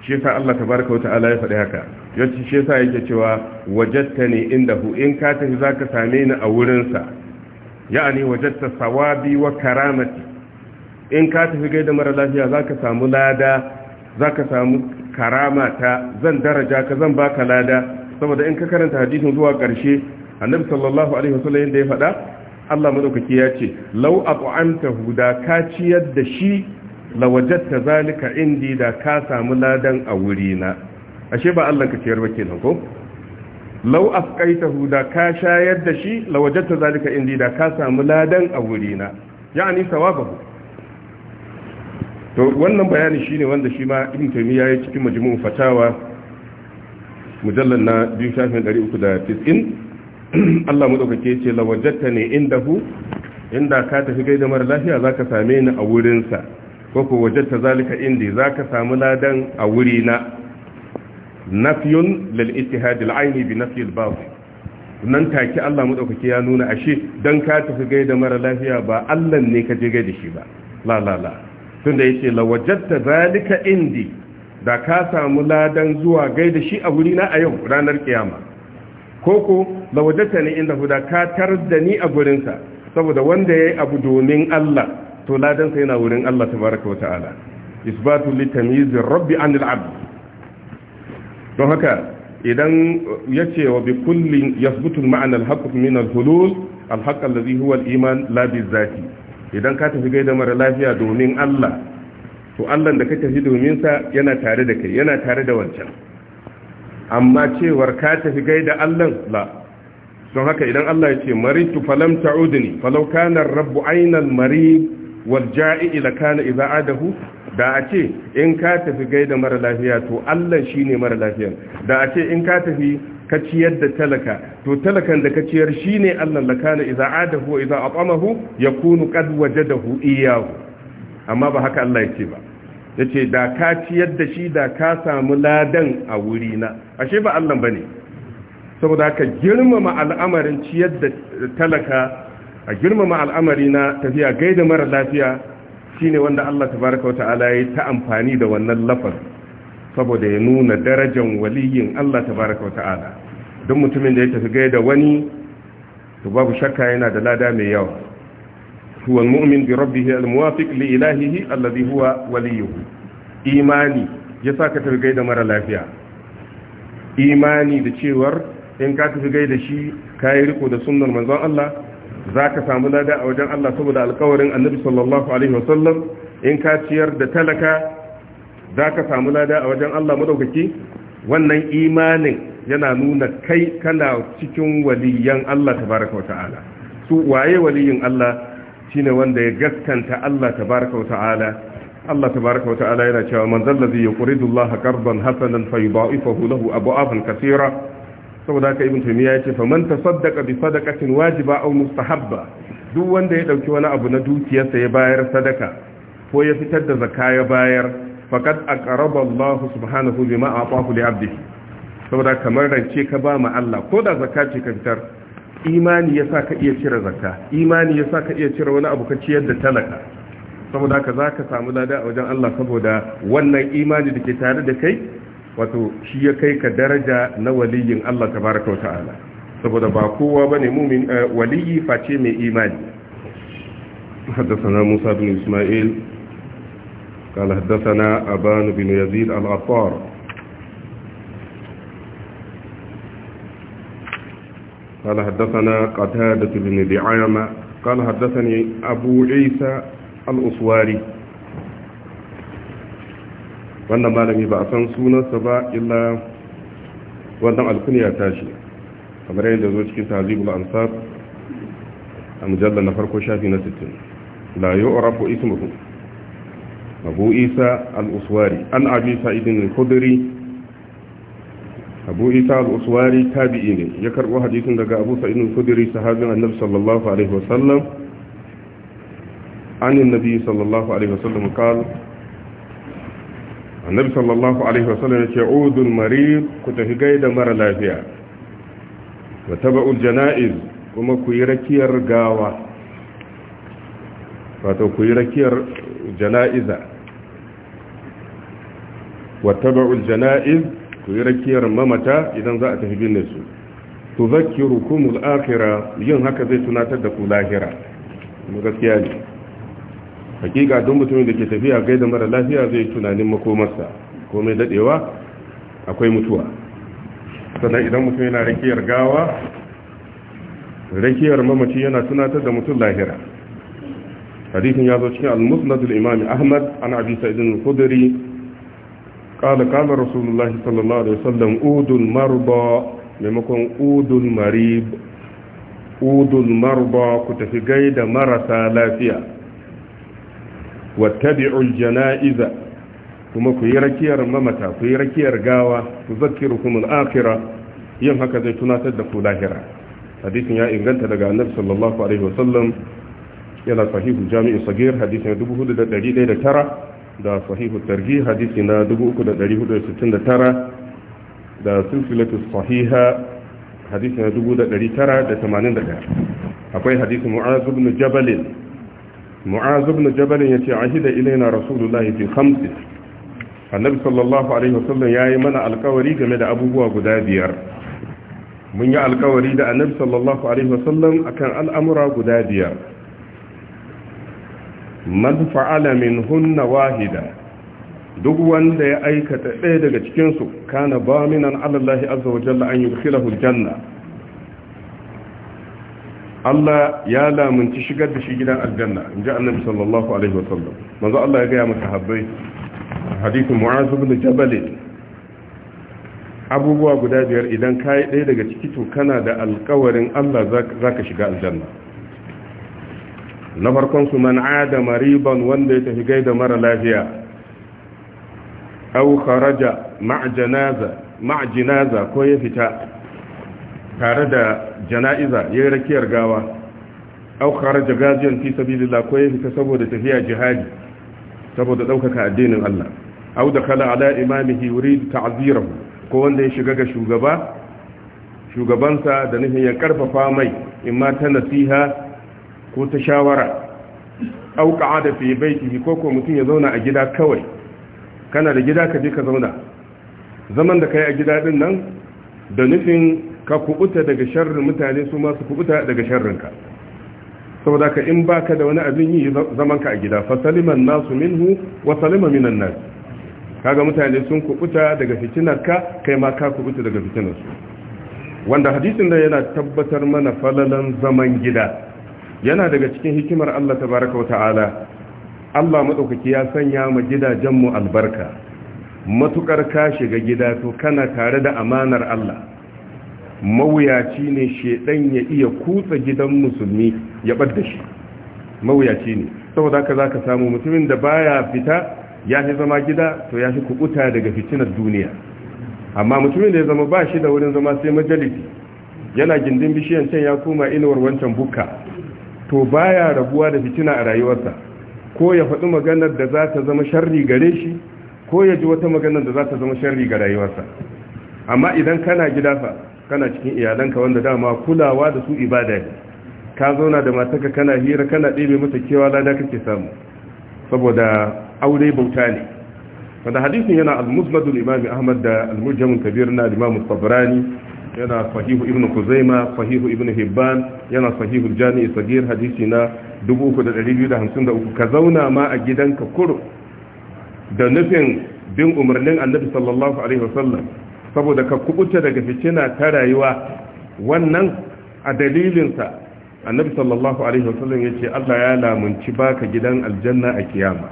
shi yasa Allah tabaraka ta'ala ya faɗi haka yace shi yasa yake cewa inda hu in ka tafi zaka same ni a wurin sa ya'ani wajatta sawabi wa karamati in ka tafi da mara lafiya zaka samu lada zaka samu karama ta zan daraja ka zan baka lada saboda in ka karanta hadisin zuwa ƙarshe annabi sallallahu alaihi wasallam yanda ya faɗa Allah madaukaki ya ce law at'amtahu da ka ciyar da shi lawajatta zalika indi da ka samu ladan a wurina ashe ba Allah ka ciyar baki nan ko law hu da ka shayar da shi lawajatta zalika indi da ka samu ladan a wurina yani sawabahu to wannan bayani shine wanda shi ma ibn taymiya ya cikin majmu'u fatawa mujallal na 2390 Allah mu dauke ce lawajatta ne indahu inda ka tafi gaida mara lafiya zaka same ni a wurinsa ko ko wajadta zalika indi zaka samu ladan a wuri na nafyun lil ittihad al bi nafy al nan take Allah madaukaki ya nuna ashe dan ka tafi da mara lafiya ba Allah ne ka je da shi ba la la la ya yace la zalika indi da ka samu ladan zuwa da shi a wuri na a yau ranar kiyama koko la wajadta ni inda ka tar da ni a gurinsa saboda wanda yayi abu domin Allah to ladansa yana wurin Allah tabaraka wa ta'ala isbatu litamyiz rabbi anil abd don haka idan yace wa bi kullin yasbutu ma'ana al-haqq min al-hulul al-haqq alladhi huwa al-iman la bizati idan ka tafi gaida mara lafiya domin Allah to Allah da ka tafi domin sa yana tare da kai yana tare da wancan amma cewar ka tafi gaida Allah la don haka idan Allah ya ce maritu falam ta'udni falau kana rabbu aynal marid Walja'i ja'i ila kana idza adahu da a ce in ka tafi gaida mara lafiya to Allah shine mara lafiya. da a ce in ka tafi ka ciyar da talaka to talakan da ka ciyar shine Allah la kana idza adahu idza atamahu yakunu qad wajadahu iyyahu amma ba haka Allah yake ba yace da ka ciyar da shi da ka samu ladan a wuri na ashe ba Allah bane saboda haka girmama al'amarin ciyar da talaka a girmama al'amari na tafiya gaida mara lafiya shine wanda Allah tabaraka wa ta'ala ya ta amfani da wannan lafaz saboda ya nuna darajar waliyin Allah tabaraka wa ta'ala don mutumin da ya tafi gaida wani to babu shakka yana da lada mai yawa huwa mu'min bi rabbih al-muwafiq li ilahihi alladhi huwa waliyuhu imani ya ka tafi gaida mara lafiya imani da cewar in ka tafi gaida shi kayi riko da sunnar manzon Allah za ka samu lada a wajen Allah saboda alkawarin annabi sallallahu alaihi wasallam in ka ciyar da talaka za ka samu lada a wajen Allah madaukaki wannan imanin yana nuna kai kana cikin waliyan Allah tabaraka wa ta'ala su waye waliyin Allah shine wanda ya gaskanta Allah tabaraka wa ta'ala Allah tabaraka wa ta'ala yana cewa man zallazi yuqridu Allah qardan hasanan fayudha'ifahu lahu abu'afan kaseera saboda haka ibn taymiya yace fa man tasaddaqa bi sadaqatin wajiba aw mustahabba duk wanda ya dauki wani abu na dukiyarsa ya bayar sadaka ko ya fitar da zakka ya bayar faqad aqraba Allah subhanahu bima a'tahu li 'abdihi saboda kamar rance ka ba ma Allah ko da zakka ce ka fitar imani yasa ka iya cire zakka imani yasa ka iya cire wani abu ka ciyar da talaka saboda haka zaka samu lada a wajen Allah saboda wannan imani da ke tare da kai wato shi ya kai ka daraja na waliyin Allah tabaraka wa ta'ala saboda ba kowa bane mumin waliyi face mai imani haddathana Musa bin Isma'il قال حدثنا أبان بن يزيد العطار قال حدثنا قتادة بن دعامة قال حدثني أبو عيسى الأصواري wannan malami ba a san sunansa ba illa wannan alkuniya tashi kamar yadda zo cikin tazibul ansar a mujallar na farko shafi na 60 la yu'rafu ismuhu abu isa al-uswari an abi sa'id al-khudri abu isa al-uswari tabi'i ne ya karbo hadisin daga abu sa'id al-khudri sahabin annabi sallallahu alaihi wasallam an annabi sallallahu alaihi wasallam qala annabi sallallahu alaihi wasallam ya ce udul marid ku tafi gaida mara lafiya wa taba'ul janaiz kuma ku yi rakiyar gawa wato ku yi rakiyar jana'iza wa taba'ul janaiz ku yi rakiyar mamata idan za a tafi binne su tuzakkirukum al-akhirah yin haka zai tunatar da ku lahira gaskiya ne hakika don mutumin da ke tafiya da mara lafiya zai tunanin makomarsa komai dadewa akwai mutuwa sannan idan mutum yana rakiyar gawa rakiyar mamaci yana tunatar da mutum lahira hadisin ya zo cikin al-musnad al-imam ahmad an abi sa'id al-khudri qala qala rasulullahi sallallahu alaihi wasallam udul marba maimakon udul marib udul marba ku tafi gaida marasa lafiya wattabi'ul janaiza kuma ku yi rakiyar mamata ku yi rakiyar gawa ku zakkirukum al-akhirah yin haka zai tunatar da ku lahira hadisin ya inganta daga annabi sallallahu alaihi wasallam yana sahihu jami'u sagir hadisi na 4109 da sahihu targi hadisi na 3469 da silsilatu sahiha hadisi na 1981 akwai hadisi mu'az ibn jabal ya ce a yace ahida ilaina rasulullahi fi khamsi annabi sallallahu alaihi wasallam yi mana alkawari game da abubuwa guda biyar mun yi alkawari da annabi sallallahu alaihi wasallam akan al'amura guda biyar man fa'ala minhunna wahida duk wanda ya aikata ɗaya daga cikinsu kana baminan alallahi azza wa jalla an yudkhilahu aljanna Allah ya lamunci shigar da shi gidan aljanna in ji annabi sallallahu alaihi wa sallam manzo Allah ya gaya masa habbai hadithu mu'az ibn jabal abubuwa guda biyar idan kai ɗaya daga ciki to kana da alƙawarin Allah zaka shiga aljanna na farkon su man ada mariban wanda ya tafi gaida mara lafiya aw kharaja ma'a janaza ko ya fita tare da jana'iza yayin rakiyar gawa au kharaja gaziyan fi sabilillah ko yayin saboda tafiya jihadi saboda ɗaukaka addinin Allah au kala ala imamihi yurid ta'zirahu ko wanda ya shiga ga shugaba shugabansa da nufin ya karfafa mai imma ta nasiha ko ta shawara au qa'ada fi baitihi ko ko mutum ya zauna a gida kawai kana da gida ka je ka zauna zaman da kai a gida din nan da nufin ka kubuta daga sharrin mutane su ma su kubuta daga sharrinka saboda ka in baka da wani abin yi zaman ka a gida fa saliman nasu minhu wa salima minan nas kaga mutane sun kubuta daga ka, kai ma ka kubuta daga fitinarsu wanda hadisin da yana tabbatar mana falalan zaman gida yana daga cikin hikimar Allah tabaraka wa ta'ala Allah madaukaki ya sanya ma gidajen mu albarka matukar ka shiga gida to kana tare da amanar Allah mawuyaci ne shedan ya iya kutsa gidan musulmi ya ɓadda shi mawuyaci ne saboda haka zaka samu mutumin da baya fita ya fi zama gida to ya fi kubuta daga fitinar duniya amma mutumin da ya zama ba shi da wurin zama sai majalisi yana gindin bishiyan can ya koma inuwar wancan buka to baya rabuwa da fitina a rayuwarsa ko ya faɗi maganar da za ta zama sharri gare shi ko ya ji wata maganar da za ta zama sharri ga rayuwarsa amma idan kana gida fa kana cikin iyalanka wanda dama kulawa da su ibada ne ka zauna da matarka kana hira kana ɗebe mata kewa lada kake samu saboda aure bauta ne wanda hadisin yana al-musnadul imam ahmad da al-mujamul kabir na imam tabrani yana sahihu ibn kuzaima sahihu ibn hibban yana sahihu jami'i sagir hadisi na 3253 ka zauna ma a gidanka kuro da nufin bin umarnin annabi sallallahu alaihi wasallam saboda ka kubuta daga fitina ta rayuwa wannan a dalilinsa annabi sallallahu alaihi wasallam ya ce allah ya lamunci baka gidan aljanna a kiyama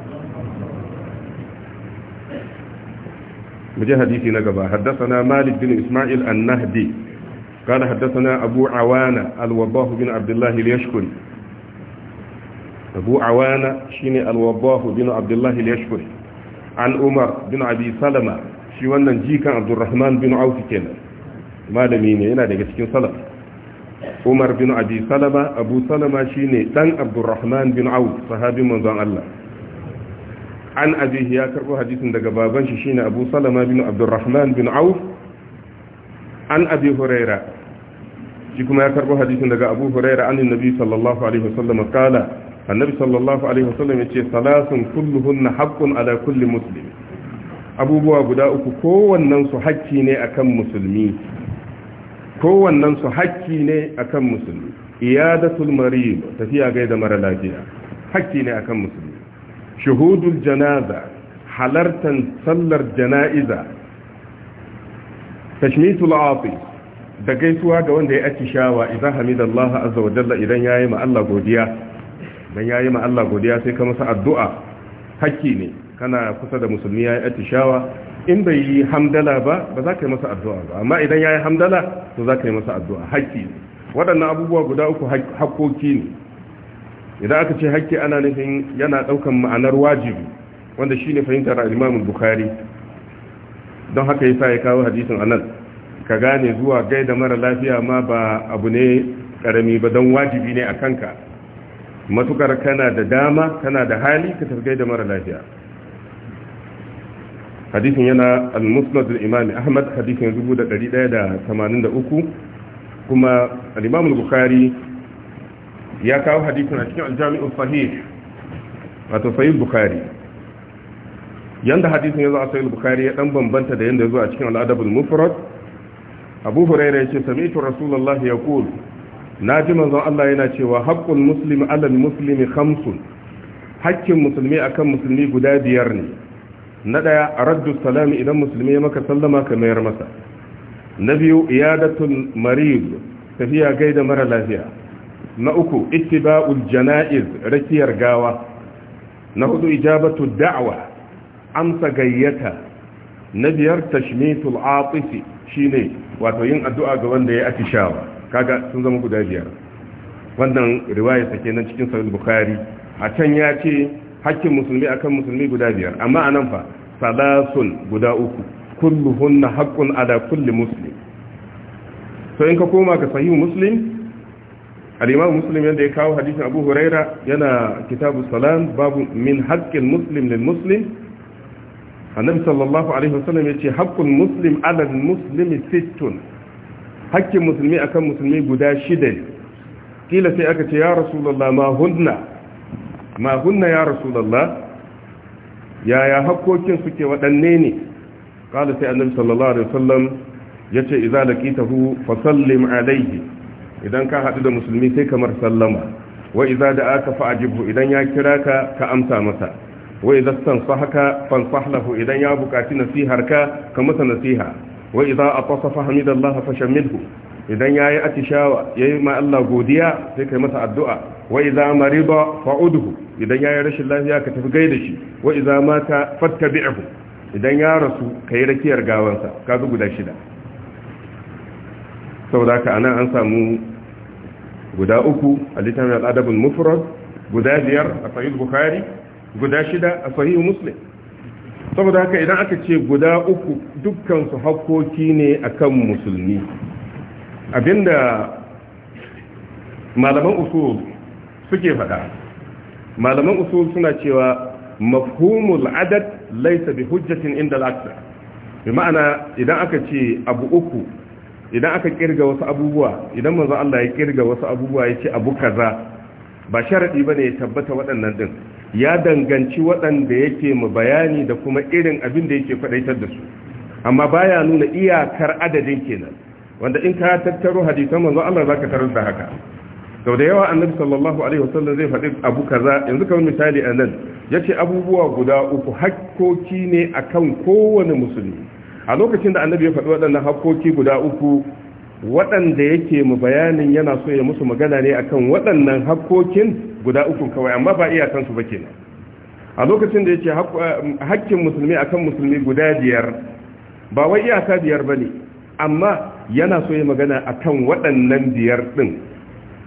hadisi na gaba haddasa malik bin ismail annahdi قال حدثنا أبو عوانة الوباه بن عبد الله ليشكري أبو عوانة شيني الوباه بن عبد الله ليشكري عن أمر بن عبي سلمة shi wannan jikan abdurrahman bin auf kenan malami ne yana daga cikin salaf umar bin abi salama abu salama shine dan abdurrahman bin auf sahabin manzon Allah an abihi ya karbo hadisin daga baban shi shine abu salama bin abdurrahman bin auf an abi huraira shi kuma ya karbo hadisin daga abu huraira annin nabi sallallahu alaihi wasallam kala annabi sallallahu alaihi wasallam yace salasun kulluhunna haqqun ala kulli muslim abubuwa guda uku kowannen su hakki ne akan musulmi kowannen su hakki ne akan musulmi iyadatul mariyu tafiya gaida mara lafiya hakki ne akan musulmi shuhudul janaza halartan sallar jana'iza tashmitul afi da gaisuwa ga wanda ya atishawa idan hamidallahu azza wa jalla idan yayi ma Allah godiya dan yayi ma Allah godiya sai ka masa addu'a hakki ne kana kusa da musulmi ya yi atishawa in bai yi hamdala ba ba za ka yi masa addu'a ba amma idan ya yi hamdala to za ka yi masa addu'a haƙƙi waɗannan abubuwa guda uku haƙƙoƙi ne idan aka ce haƙƙi ana nufin yana ɗaukan ma'anar wajibi wanda shi ne fahimtar al'imamun bukari don haka yasa ya kawo hadisin anan ka gane zuwa gaida mara lafiya ma ba abu ne karami ba don wajibi ne a kanka matukar kana da dama kana da hali ka tafi gaida mara lafiya hadisin yana al-musnad al-imam ahmad hadisin 1183 kuma al-imam al-bukhari ya kawo hadisin a cikin al-jami'u sahih wato sahih bukhari yanda hadisin yazo a sahih bukhari ya dan bambanta da yanda yazo a cikin al-adab al-mufrad abu hurairah yace sami'tu rasulullahi yaqul naji manzon Allah yana cewa haqqul muslimi 'ala al-muslimi khamsun hakkin musulmi akan musulmi guda biyar ne na daya raddu salami idan musulmi ya maka sallama ka mayar masa na biyu iyadatul marid tafiya gaida mara lafiya na uku ittiba'ul janaiz rakiyar gawa na hudu ijabatu da'wa amsa gayyata na biyar tashmitul atifi shine wato yin addu'a ga wanda ya atishawa kaga sun zama guda biyar wannan riwaya take nan cikin sahih bukhari a can ya ce hakkin musulmi akan musulmi guda biyar amma anan fa salasun guda uku kulluhunna haqqun ala kulli muslim to in ka koma ka sahihu muslim al-imam muslim yanda ya kawo hadisin abu huraira yana kitabu salam babu min haqqin muslim lil muslim annabi sallallahu alaihi wasallam yace haqqul muslim ala muslimi sittun hakkin musulmi akan musulmi guda shida kila sai aka ce ya rasulullah ma hunna ma hunna ya rasulullah yaya hakkokin suke waɗanne ne qala sai annabi sallallahu alaihi wasallam yace idza laqitahu fa sallim alayhi idan ka haɗu da musulmi sai kamar sallama wa idza da'aka fa ajibhu idan ya kira ka ka amsa masa wa idza stansahaka fansah lahu idan ya bukaci nasiharka ka masa nasiha wa idza atasafa hamidallahi fashammilhu idan ya yi atishawa yayi ma Allah godiya sai ka yi masa addu'a wa idza mariba fa'uduhu. idan ya yi rashin lafiya ka tafi gaida shi wa idza mata fattabi'hu idan ya rasu ka yi rakiyar gawansa ka bi guda shida saboda ka anan an samu guda uku a littafin al'adabul mufrad guda biyar a sahih bukhari guda shida a sahih muslim saboda haka idan aka ce guda uku dukkan su hakkoki ne akan musulmi abinda malaman usul suke faɗa malaman usul suna cewa mafhumul adad laisa bi hujjatin inda al-aksar bi ma'ana idan aka ce abu uku idan aka kirga wasu abubuwa idan manzo Allah ya kirga wasu abubuwa ya abu kaza ba sharadi bane ya tabbata waɗannan din ya danganci waɗanda yake mu bayani da kuma irin abin da yake faɗaitar da su amma baya nuna iyakar adadin kenan wanda in ka tattaro hadisan manzo Allah zaka tarar da haka sau da yawa annabi sallallahu alaihi wasallam zai faɗi abu kaza yanzu kamar misali a nan ce abubuwa guda uku hakkoki ne a kan kowane musulmi a lokacin da annabi ya faɗi waɗannan hakkoki guda uku waɗanda yake mu bayanin yana so ya musu magana ne a kan waɗannan hakkokin guda uku kawai amma ba iyakan su ba kenan a lokacin da ya ce hakkin musulmi akan musulmi guda biyar ba wai iyaka biyar ba ne. amma yana so yi magana a kan waɗannan biyar ɗin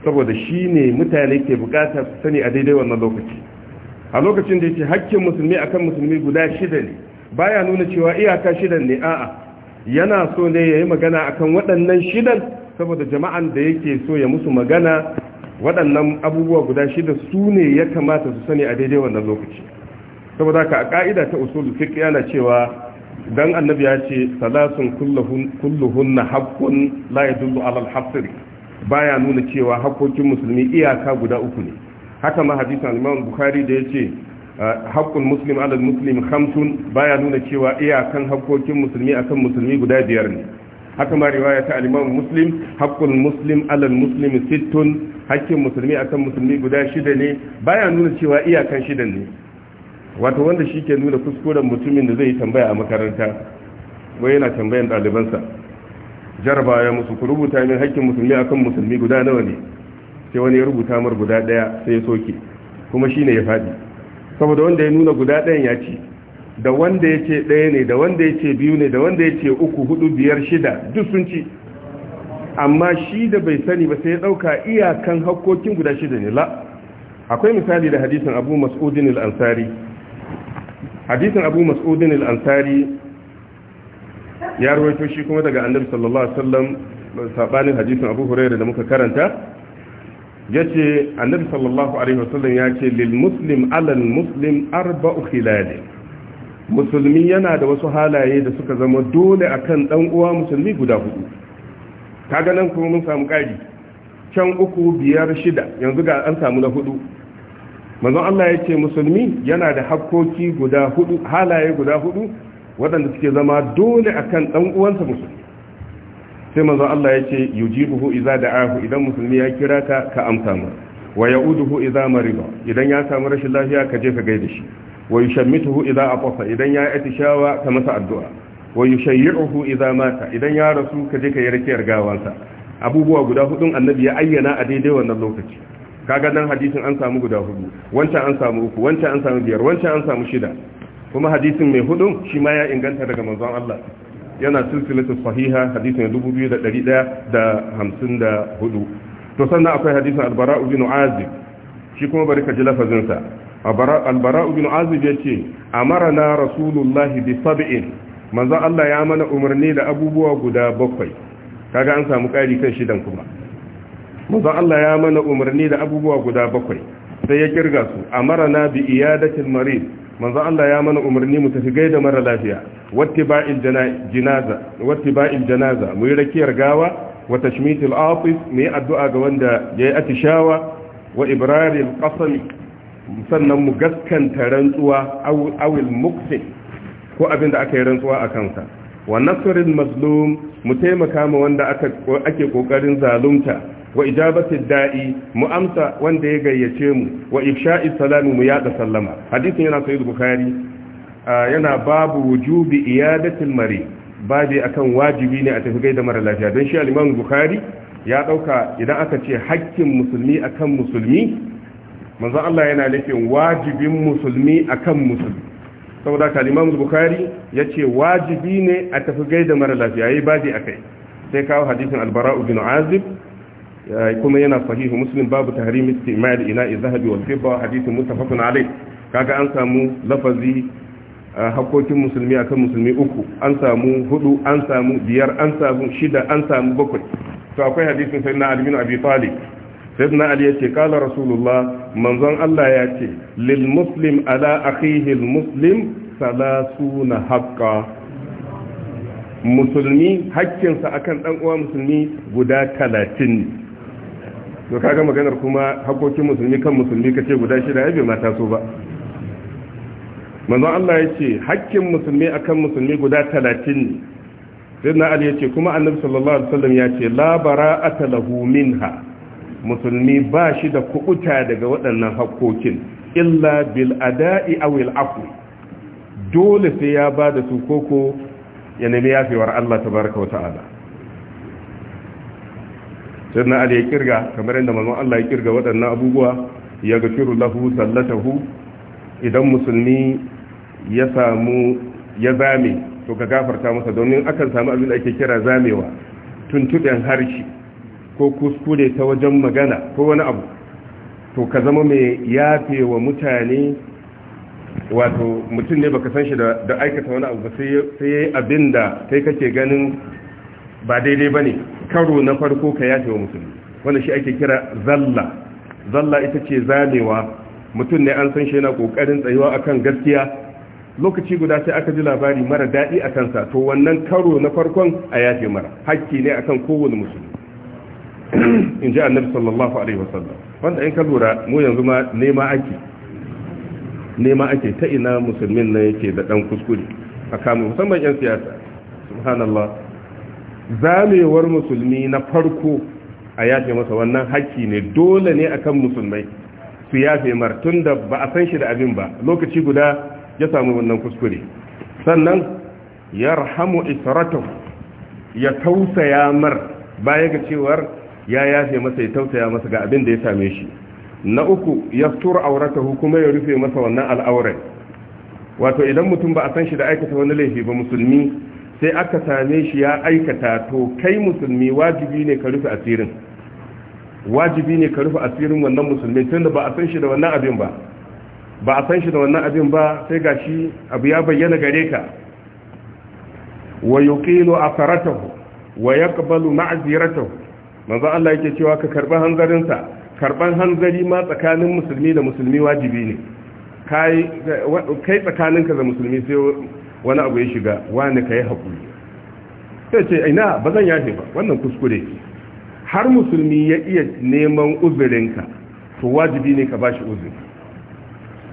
saboda shi ne mutane ke bukatar su sani a daidai wannan lokaci a lokacin da yake hakkin musulmi akan musulmi guda shida ne baya nuna cewa iyaka shidan ne a'a yana so ne yayi magana akan waɗannan shidan saboda jama'an da yake so ya musu magana waɗannan abubuwa guda shida su ne ya kamata su sani a daidai wannan lokaci saboda ka a ka'ida ta usul fiqh yana cewa dan annabi ya ce salasun kulluhunna haqqun la yadullu ala al-hasr baya nuna cewa hakokin musulmi iyaka guda uku ne haka ma hadisin al-Imam Bukhari da ya ce ah, haqqul muslim alal al-muslim khamsun baya nuna cewa iyakan hakokin musulmi akan musulmi guda biyar ne haka ma riwaya ta al-Imam Muslim haqqul muslim ala muslim sittun haƙƙin musulmi akan musulmi guda shida ne baya nuna cewa iyakan shida ne wato wanda shi ke nuna kuskuren mutumin da zai yi tambaya a makaranta wai yana tambayan ɗalibansa jaraba ya musu ku rubuta min hakkin musulmi akan musulmi guda nawa ne sai wani ya rubuta mar guda ɗaya sai ya soke kuma shi ne ya faɗi saboda wanda ya nuna guda ɗayan ya ce da wanda ya ce ɗaya ne da wanda ya ce biyu ne da wanda ya ce uku hudu biyar shida duk sun ci amma shi da bai sani ba sai ya ɗauka iyakan hakkokin guda shida ne la akwai misali da hadisin abu mas'udin al-ansari hadisin abu mas'udin al-ansari ya rawaito shi kuma daga annabi sallallahu alaihi wasallam hadisin abu hurairah da muka karanta yace annabi sallallahu alaihi wasallam ya ce lil muslim alal muslim arba'u khilal musulmi yana da wasu halaye da suka zama dole akan dan uwa musulmi guda hudu kaga nan kuma mun samu kari can uku biyar shida yanzu ga an samu na hudu manzon Allah ya ce musulmi yana da hakkoki guda hudu halaye guda hudu waɗanda suke zama dole akan ɗan uwansa musulmi sai manzon Allah ya ce yujibuhu da da'ahu idan musulmi ya kira ka ka amsa masa wa ya'uduhu idza mariba idan ya samu rashin lafiya ka je ka gaida shi wa yushammituhu a afasa idan ya atishawa ka masa addu'a wa yushayyi'uhu idza mata idan ya rasu ka je ka yi rakiyar gawansa abubuwa guda hudun annabi ya ayyana a daidai wannan lokaci kaga nan hadisin an samu guda hudu wancan an samu uku wancan an samu biyar wancan an samu shida kuma hadisin mai hudun shi ma ya inganta daga manzon Allah yana silsilatu sahiha hadisin 2154 to sannan akwai hadisin albara ibn azib shi kuma bari ka ji lafazin sa albara ibn azib yace amarna rasulullahi bi sab'in manzon Allah ya mana umarni da abubuwa guda bakwai kaga an samu kari kan shidan kuma manzon Allah ya mana umarni da abubuwa guda bakwai sai ya kirga su na bi iyadatil marid manzon Allah ya mana umarni mu tafi gaida mara lafiya wattiba'il janaza wattiba'il janaza mu yi rakiyar gawa wa tashmitil atif mu yi addu'a ga wanda yi atishawa wa ibraril qasam sannan mu gaskanta rantsuwa awil muqsi ko abin da aka yi rantsuwa a kansa wa nasrul mazlum mu taimaka ma wanda ake kokarin zalunta wa ijabati da'i mu amsa wanda ya gayyace mu wa ifsha'i salami mu yada sallama hadisin yana sahih bukhari yana babu wujubi iyadatil mari babi akan wajibi ne a tafi gaida mara lafiya don shi al-Imam Bukhari ya dauka idan aka ce hakkin musulmi akan musulmi manzo Allah yana nufin wajibin musulmi akan musulmi saboda ka Imam ya ce wajibi ne a tafi gaida mara lafiya yayi babi akai sai kawo hadisin al-Bara' bin Azib Eh, kuma yana sahihu muslim babu tahrim istimal ina zahabi wal fidda hadithun muttafaqun alayh kaga an samu lafazi eh, hakokin musulmi akan musulmi uku an samu hudu an samu biyar an samu shida an samu bakwai to akwai hadisin sayyidina ali bin abi talib sayyidina ali yace kala rasulullah manzon Allah ya ce lil muslim ala akhihi al muslim salasuna haqqa musulmi hakkinsa akan dan uwa musulmi guda 30 to kaga maganar kuma hakokin musulmi kan musulmi kace guda shida ai bai mata so ba manzo Allah yace hakkin musulmi akan musulmi guda 30 ne sayyidina Ali yace kuma annabi sallallahu alaihi wasallam yace la bara'ata lahu minha musulmi ba shi da kubuta daga waɗannan hakkokin illa bil ada'i aw al afwi dole sai ya da su koko ya nemi yafewar Allah tabaraka wa ta'ala sai na ali ya kirga kamar yadda manzon Allah ya kirga waɗannan abubuwa ya ga gafiru lahu sallatahu idan musulmi ya samu ya zame to ka gafarta masa domin akan samu abin da ake kira zamewa tuntuɓen harshe ko kuskure ta wajen magana ko wani abu to ka zama mai yafe wa mutane wato mutum ne baka san shi da aikata wani abu sai ya yi abin da kai kake ganin ba daidai ba ne karo na farko ka yafe wa musulmi wanda shi ake kira zalla zalla ita ce zamewa mutum ne an san shi yana kokarin tsayuwa akan gaskiya lokaci guda sai aka ji labari mara daɗi a kansa to wannan karo na farkon a yafe mara hakki ne akan kowane musulmi in ji annabi sallallahu alaihi wasallam wanda in ka lura mu yanzu ma nema ake nema ake ta ina musulmin nan yake da dan kuskure a kamun musamman yan siyasa subhanallah zamewar musulmi na farko a yafe masa wannan haƙƙi ne dole ne a kan musulmai su yafe mar da ba a san shi da abin ba lokaci guda ya samu wannan kuskure sannan yarhamu isratahu ya tausaya mar baya ga cewar ya yafe masa ya tausaya masa ga abin da ya same shi na uku yastur auratahu kuma ya rufe masa wannan al'aurai wato idan mutum ba a san shi da aikata wani laifi ba musulmi sai aka same shi ya aikata to kai musulmi wajibi ne ka rufe asirin wajibi ne ka rufe asirin wannan musulmi tunda ba a san shi da wannan abin ba ba a san shi da wannan abin ba sai gashi abu ya bayyana gare ka wa yuqilu asaratahu wa yaqbalu ma'ziratahu manzo Allah yake cewa ka karba hanzarin sa karban hanzari ma tsakanin musulmi da musulmi wajibi ne kai kai tsakaninka da musulmi sai wani abu ya shiga wani ka yi haƙuri sai ce aina ba zan yafe ba wannan kuskure har musulmi ya iya neman uzurinka to wajibi ne ka ba shi uzuri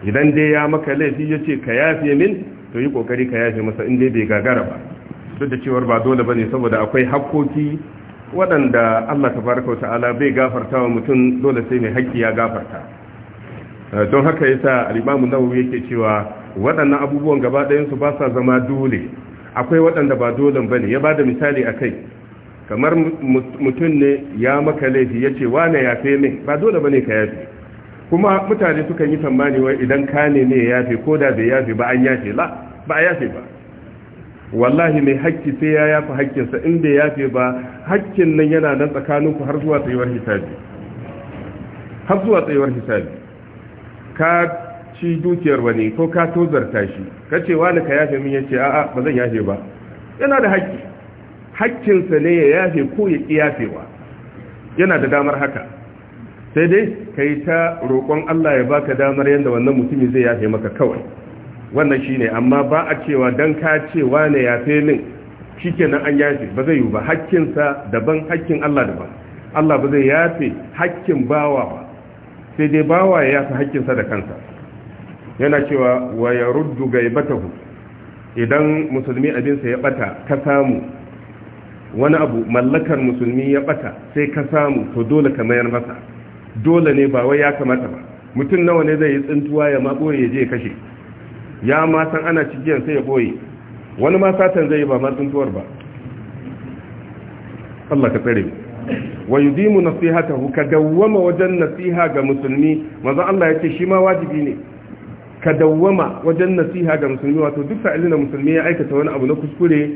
idan dai ya maka laifi ya ce ka yafe min to yi ƙoƙari ka yafe masa in dai bai gagara ba duk da cewar ba dole ba ne saboda akwai hakkoki waɗanda Allah tabaraka ta'ala bai gafarta wa mutum dole sai mai hakki ya gafarta eh, don haka yasa al-Imam Nawawi yake cewa waɗannan abubuwan gaba ɗayansu ba sa zama dole akwai waɗanda ba dole ba ne ya ba da misali a kai kamar mutum ne ya maka laifi ya ce wane ya fi min ba dole ba ne ka yafe kuma mutane sukan yi tsammani wai idan ka ne ne ya yafe ko da bai yafe ba an yafe la ba a yafe ba wallahi mai hakki sai ya yafi hakkinsa in bai yafe ba hakkin nan yana nan tsakaninku har zuwa tsayuwar hisabi har zuwa tsayuwar hisabi ka ci dukiyar wani ko ka tozarta shi ka ce wani ka yafe min ya ce a'a ba zan yafe ba yana da haƙƙi haƙƙinsa ne ya yafe ko ya ƙi yafewa yana da damar haka sai dai ka yi ta roƙon Allah ya baka damar yadda wannan mutumin zai yafe maka kawai wannan shi ne amma ba a cewa don ka ce wani yafe min shi kenan an yafe ba zai yi ba haƙƙinsa daban haƙƙin Allah daban Allah ba zai yafe haƙƙin bawa ba sai dai bawa ya yafe haƙƙinsa da kansa yana cewa wa ya ruddu gaibatahu idan musulmi abinsa ya bata ka samu wani abu mallakar musulmi ya bata sai ka samu to dole ka mayar masa dole ne ba wai ya kamata ba mutum nawa ne zai yi tsintuwa ya ma boye je kashe ya ma san ana cikin sai ya boye wani ma satan zai yi ba ma tsintuwar ba Allah ka tsare wa yudimu nasihatahu ka dawwama wajen nasiha ga musulmi manzo Allah yake shi ma wajibi ne ka dawwama wajen nasiha ga musulmi wato duk sa'ilin da musulmi ya aikata wani abu na kuskure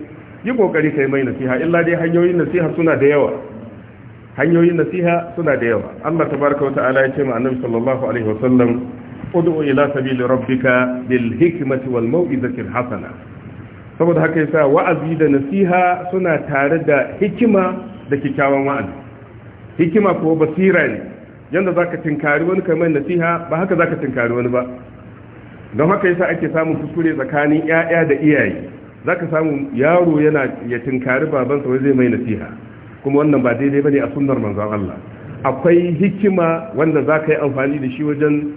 yi kokari kai mai nasiha illa dai hanyoyin nasiha suna da yawa hanyoyin nasiha suna da yawa Allah tabaraka wata'ala ya ce ma annabi sallallahu alaihi wa sallam ud'u ila sabili rabbika bil hikmati wal mau'izati al hasana saboda haka yasa wa'azi da nasiha suna tare da hikima da kikkiawan wa'azi hikima ko basira ne yanda zaka tinkari wani mai nasiha ba haka zaka tinkari wani ba don haka yasa ake samun kuskure tsakanin ƴaƴa da iyaye zaka samu yaro yana ya tinkari babansa wai zai mai nasiha kuma wannan ba daidai bane a sunnar manzon Allah akwai hikima wanda zaka yi amfani da shi wajen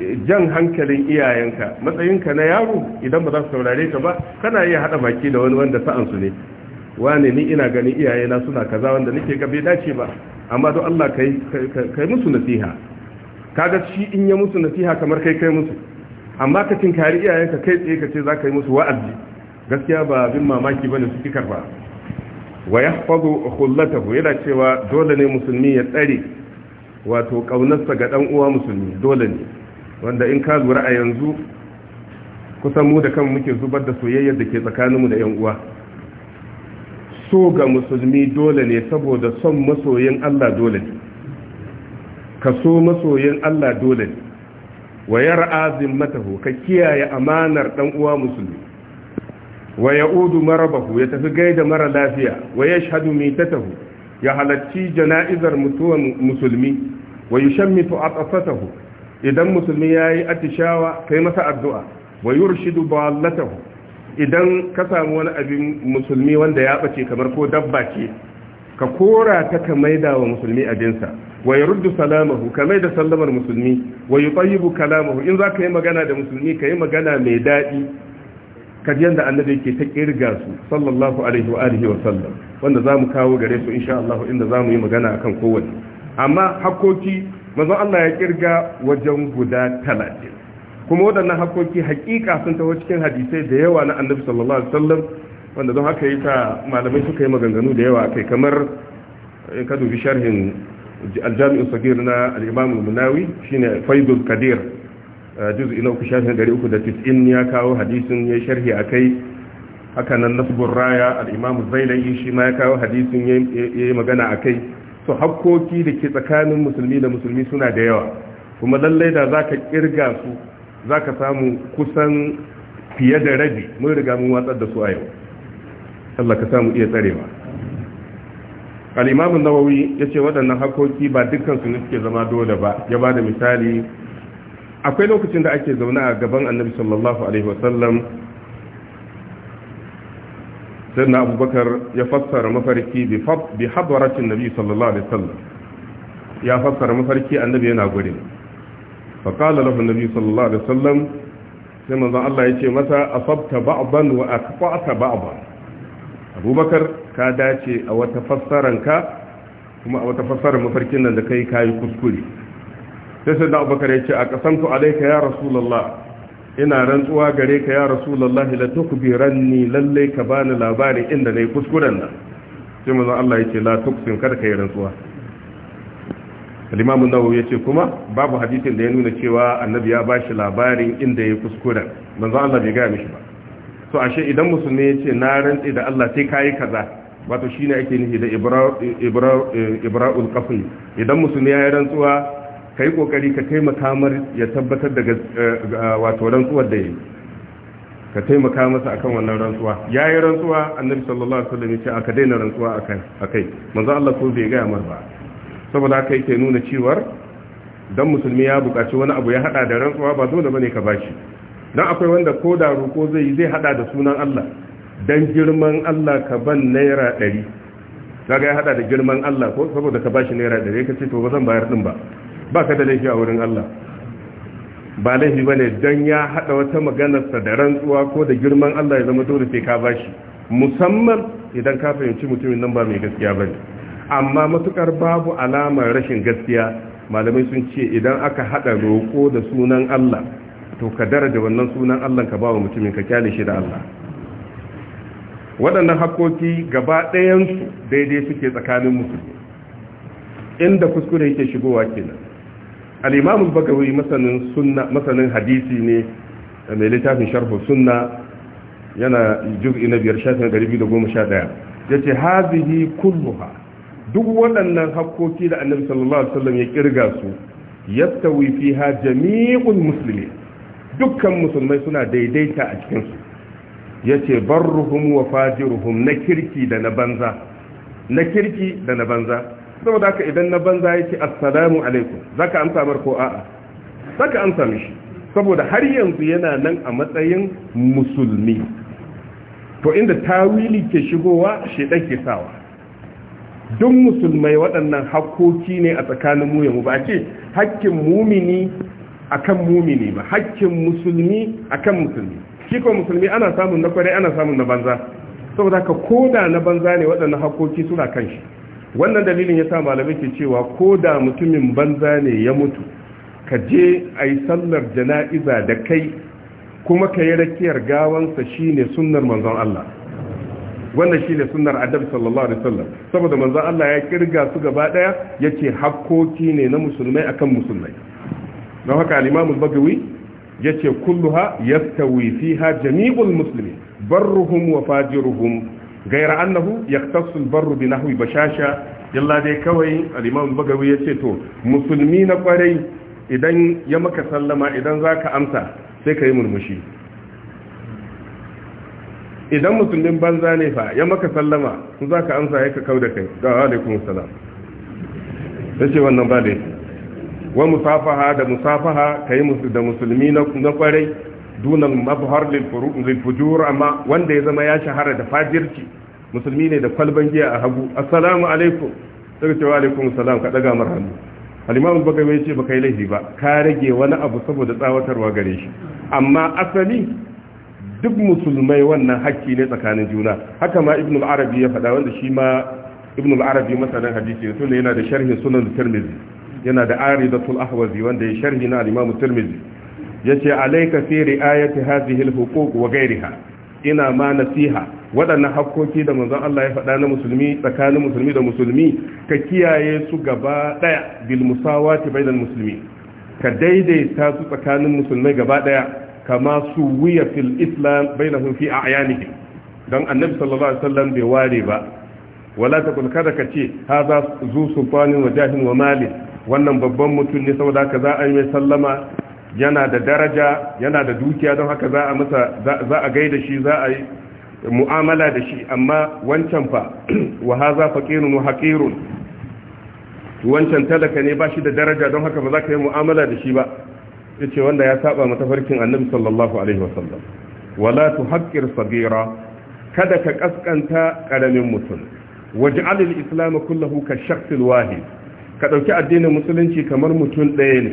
eh, jan hankalin iyayenka matsayinka na yaro idan ba za su saurare ka ba kana iya hada baki da wani wanda sa'an su ne wane ni ina ganin iyayena suna kaza wanda nake ga bai dace ba amma don Allah kai kai musu nasiha kaga shi in ya musu nasiha kamar kai kai musu amma ka tinkari iyayenka kai tsaye ka ce za ka yi musu wa'azi gaskiya ba bin mamaki ba ne su ki karba wa ya fago yana cewa dole ne musulmi ya tsare wato ƙaunarsa ga ɗan uwa musulmi dole ne wanda in ka lura a yanzu kusan mu da kan muke zubar da soyayyar da ke tsakaninmu da yan uwa so ga musulmi dole ne saboda son masoyin Allah dole ne ka so masoyin Allah dole ne wa yar'a zimmatahu ka kiyaye amanar dan uwa musulmi wa ya'udu marabahu ya tafi gaida mara lafiya wa yashhadu mitatahu ya halacci jana'izar mutuwan musulmi wa yushammitu atafatahu idan musulmi yayi atishawa kai masa addu'a wa yurshidu ballatahu idan ka samu wani abin musulmi wanda ya bace kamar ko dabba ce ka kora ta ka maida wa musulmi abinsa wa ya ruddu salamahu ka maida sallamar musulmi wa ya tsayibu kalamahu in za ka yi magana da musulmi ka yi magana mai daɗi ka ji yadda annabi ke ta kirga su sallallahu alaihi wa alihi wa sallam wanda za mu kawo gare su insha Allah inda za mu yi magana akan kowanne amma hakkoki manzon Allah ya kirga wajen guda talatin kuma waɗannan hakkoki hakika sun taho cikin hadisai da yawa na annabi sallallahu alaihi sallam. wanda don haka yi ta malamai suka yi maganganu da yawa kai kamar in ka dubi sharhin aljami'in sagir na al'imamu munawi shine faidul kadir eh, juzu ina uku sharhin dari uku da tis'in ya kawo hadisin ya sharhi a kai haka nan nasbun raya al'imamu zailayi shi ma ya kawo hadisin ya yi magana a kai To hakkoki da ke tsakanin musulmi da musulmi suna da yawa kuma lallai da za ka kirga su za ka samu kusan fiye da rabi mun riga mun watsar da su a yau Allah ka samu iya tsarewa al-imam an-nawawi yace waɗannan hakoki ba dukkan su ne suke zama dole ba ya ba da misali akwai lokacin da ake zaune a gaban annabi sallallahu alaihi wasallam sannan abubakar ya fassara mafarki bi hadaracin nabi sallallahu alaihi wasallam ya fassara mafarki annabi yana gurin faƙala lafi nabi sallallahu alaihi wasallam sai manzon Allah ya ce masa asabta ba'dan wa aqta'ta ba'dan abubakar ka dace a wata fassaranka kuma a wata fassarar mafarkin nan da kai kayi kuskure sai sai da abubakar ya ce a kasan kasantu alaika ya rasulallah ina rantsuwa gare ka ya rasulallah la tukbiranni lallai ka bani labari inda nayi kuskuren nan sai manzon Allah ya ce la tuksin kada kai rantsuwa al-imam an-nawawi ya ce kuma babu hadisin da ya nuna cewa annabi ya bashi labarin inda yayi kuskuren manzon Allah bai ga mishi ba to ashe idan musulmi ya ce na rantse da Allah sai kayi kaza wato shine ake nufi da ibra'ul kafin idan musulmi ya yi rantsuwa ka kokari ka kai makamar ya tabbatar da eh, wato rantsuwar da ya ka taimaka masa akan wannan rantsuwa yayi yi rantsuwa annabi sallallahu alaihi wasallam ya ce aka daina rantsuwa akai manzo Allah ko bai gaya mar ba saboda haka yake nuna cewa dan musulmi ya bukaci wani abu ya hada da rantsuwa ba dole bane ka bashi don akwai wanda ko da roƙo zai yi zai hada da sunan Allah don girman Allah ka ban naira ɗari kaga ya hada da girman Allah ko saboda ka bashi naira ɗari ka ce to ba zan bayar ɗin ba ba ka da laifi a wurin Allah ba laifi ba ne don ya hada wata maganarsa da rantsuwa ko da girman Allah ya zama dole sai ka ba shi, musamman idan ka fahimci mutumin nan ba mai gaskiya ba amma matukar babu alamar rashin gaskiya malamai sun ce idan aka hada roƙo da sunan Allah to ka daraja wannan sunan Allah ka bawa mutumin ka kyale shi da Allah waɗannan hakoki gaba ɗayansu daidai suke tsakanin musulmi inda kuskure yake shigowa kenan al-imamu bagawi masanin sunna masanin hadisi ne mai littafin sharhu sunna yana juz'i na biyar shafin Ya ce, hazihi kulluha duk waɗannan hakkoki da annabi sallallahu alaihi wasallam ya kirga su yastawi fiha jami'ul muslimin dukkan musulmai suna daidaita a cikinsu ya ce barruhum wa fajiruhum na kirki da na banza na kirki da na banza saboda haka idan na banza ya ce assalamu alaikum za ka amsa mar ko a'a za ka amsa mishi saboda har yanzu yana nan a matsayin musulmi to inda tawili ke shigowa shedan ke sawa duk musulmai waɗannan hakkoki ne a tsakanin mu yamu ba ce hakkin mumini akan mumini ba hakkin musulmi akan musulmi shi ko musulmi ana samun na kwarai ana samun na banza saboda ka koda na banza ne waɗannan hakoki suna kan shi wannan dalilin ya sa malamai ke cewa koda mutumin banza ne ya mutu ka je a yi sallar jana'iza da kai kuma ka yi rakiyar gawansa shine sunnar manzon Allah wannan shine sunnar adab sallallahu alaihi wasallam saboda manzon Allah ya kirga su gaba daya yace hakkoki ne na musulmai akan musulmai don haka al-imam al-bagawi yace kulluha yastawi ha jami'ul musulmi. barruhum wa fajiruhum gaira annahu ya al-barru bi nahwi bashasha yalla dai kawai al-imam al-bagawi yace to musulmi na kwarai idan ya maka sallama idan za ka amsa sai ka yi murmushi idan musulmin banza ne fa ya maka sallama za ka amsa ya ka kauda kai da alaikum salam yace wannan ba laifi wa musafaha da musafaha kai musu da musulmi na kwarai dunan mabhar lil fujur amma wanda ya zama ya shahara da fajirci musulmi ne da kwalban giya a hagu assalamu alaikum sai ce wa alaikum salam ka daga mar hannu al-imam al-bagawi ce baka yi laifi ba ka rage wani abu saboda tsawatarwa gare shi amma asali duk musulmai wannan hakki ne tsakanin juna haka ma ibn al-arabi ya faɗa wanda shi ma ibn al-arabi masanin hadisi ne yana da sharhin sunan tirmidhi yana da aridatul ahwazi wanda ya sharhi na al-imam tirmidhi yace alayka fi riayati hadhihi al-huquq wa ghayriha ina ma nasiha waɗannan hakkoki da manzon Allah ya faɗa na musulmi tsakanin musulmi da musulmi ka kiyaye su gaba daya bil musawati bainal muslimin ka daidaita su tsakanin musulmai gaba daya kama su wiya fil islam bainahum fi a'yanihim dan annabi sallallahu alaihi wasallam bai ware ba wala ta kun kada ka ce ha za zu sultanin wa jahin wa mali wannan babban mutum ne saboda haka za a yi mai sallama yana da daraja yana da dukiya don haka za a masa za a gaida shi za a yi mu'amala da shi amma wancan fa wa haza faqirun wa haqirun wancan talaka ne ba shi da daraja don haka ba za ka yi mu'amala da shi ba ce wanda ya saba matafarkin annabi sallallahu alaihi wasallam wala tuhaqqir sagira kada ka ƙasƙanta ƙaramin mutum Waje al islamu kullahu ka shakhs wahi, ka ɗauki addinin musulunci kamar mutum ɗaya ne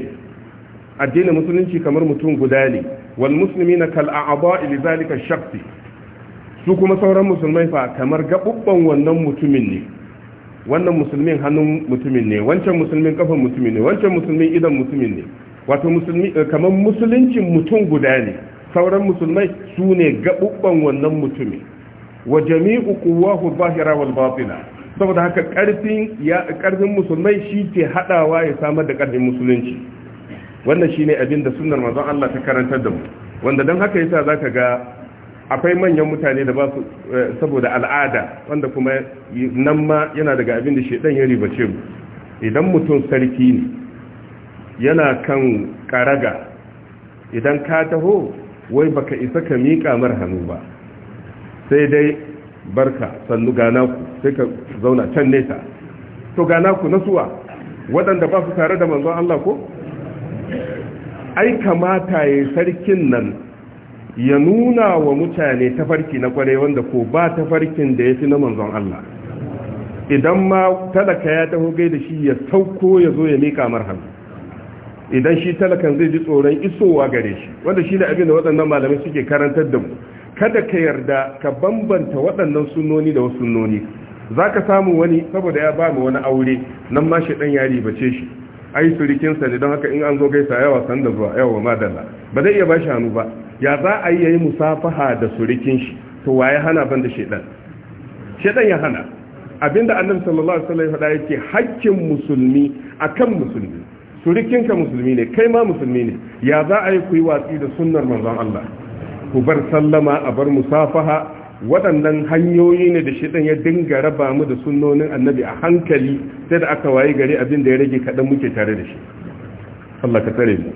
addinin musulunci kamar mutum guda ne wal muslimina kal a'dha'i li zalika su kuma sauran musulmai fa kamar gaɓuɓɓan wannan mutumin ne wannan musulmin hannun mutumin ne wancan musulmin kafan mutumin ne wancan musulmin idan mutumin ne wato musulmi eh, kamar musuluncin mutum guda ne sauran musulmai su ne gaɓuɓɓan wannan mutumin wa jami'u quwwahu zahira wal batina saboda haka karfin ya karfin musulmai shi ke hadawa ya samar da karfin musulunci wannan shine abin da sunnar manzon Allah ta karantar da mu wanda dan haka yasa zaka ga akwai manyan mutane da ba su eh, saboda al'ada wanda kuma nan ma yana daga abin da shedan ya ribace mu idan mutum sarki ne yana kan karaga idan ka taho wai baka isa ka miƙa mar hannu ba sai dai barka sannu gana ku sai ka zauna can nesa to gana ku na suwa waɗanda ba su tare da manzon Allah ko ai kamata ya sarkin nan ya nuna wa mutane tafarki na kwarai wanda ko ba tafarkin da ya fi na manzon Allah idan ma talaka ya taho gai da shi ya sauko ya zo ya miƙa marhan idan shi talakan zai ji tsoron isowa gare shi wanda shi ne abin da waɗannan malamai suke karantar da mu kada ka yarda ka bambanta waɗannan sunoni da wasu sunoni za ka samu wani saboda ya ba mu wani aure nan ma shi ɗan yari bace shi ai surikinsa ne don haka in an zo gaisa yawa san da zuwa yawa madalla ba zai iya ba shi hannu ba ya za a yi yi musafaha da surikin shi to waye hana ban da shaidan shaidan ya hana abinda annabi sallallahu alaihi wasallam ya faɗa yake haƙƙin musulmi akan musulmi surikinka musulmi ne kai ma musulmi ne ya za a yi ku yi watsi da sunnar manzon Allah ku bar sallama a bar musafaha waɗannan hanyoyi ne da shi ya dinga raba mu da sunnonin annabi a hankali sai da aka waye gari abin da ya rage kaɗan muke tare da shi Allah ka tsare mu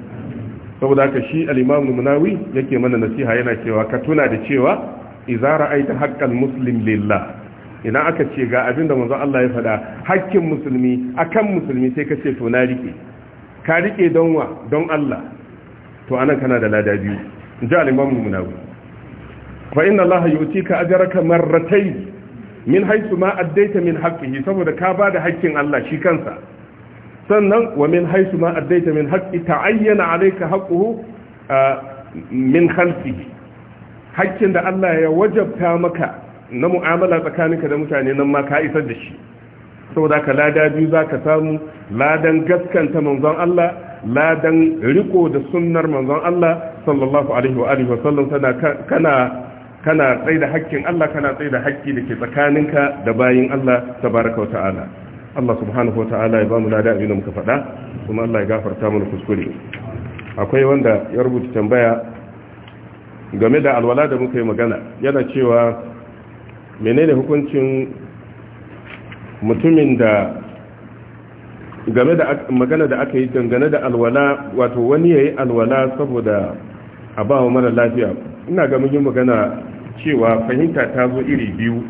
saboda haka shi al-Imam Munawi yake mana nasiha yana cewa ka tuna da cewa idza ra'aita haqqal muslim lillah Ina aka ce ga abin da manzo Allah ya faɗa hakkin musulmi akan musulmi sai ka ce to na rike ka rike don wa don Allah to anan kana da lada biyu ji al-imam munawi fa inna allaha yu'tika ajraka marratayn min haythu ma addaita min haqqihi saboda ka bada haƙƙin Allah shi kansa sannan wa min haythu ma addaita min haqqi ta'ayyana alayka haqquhu ah, min khalfihi haƙƙin da Allah ya wajabta maka na mu'amala tsakaninka da mutane nan ma ka isar da shi saboda ka lada biyu za ka samu ladan gaskanta manzon Allah ladan riko da sunnar manzon Allah sallallahu alaihi wa alihi wasallam tana kana kana tsaye da haƙƙin Allah kana tsaye da haƙƙi da ke tsakaninka da bayin Allah tabaraka wa ta'ala Allah subhanahu wa ta'ala ya bamu lada abin da muka faɗa kuma Allah ya gafarta mana kuskure akwai wanda ya rubuta tambaya game da alwala da muka yi magana yana cewa menene hukuncin mutumin da game da magana da aka yi dangane da alwala wato wani yi alwala saboda a ba mara lafiya ina ga mun yi magana cewa fahimta ta zo iri biyu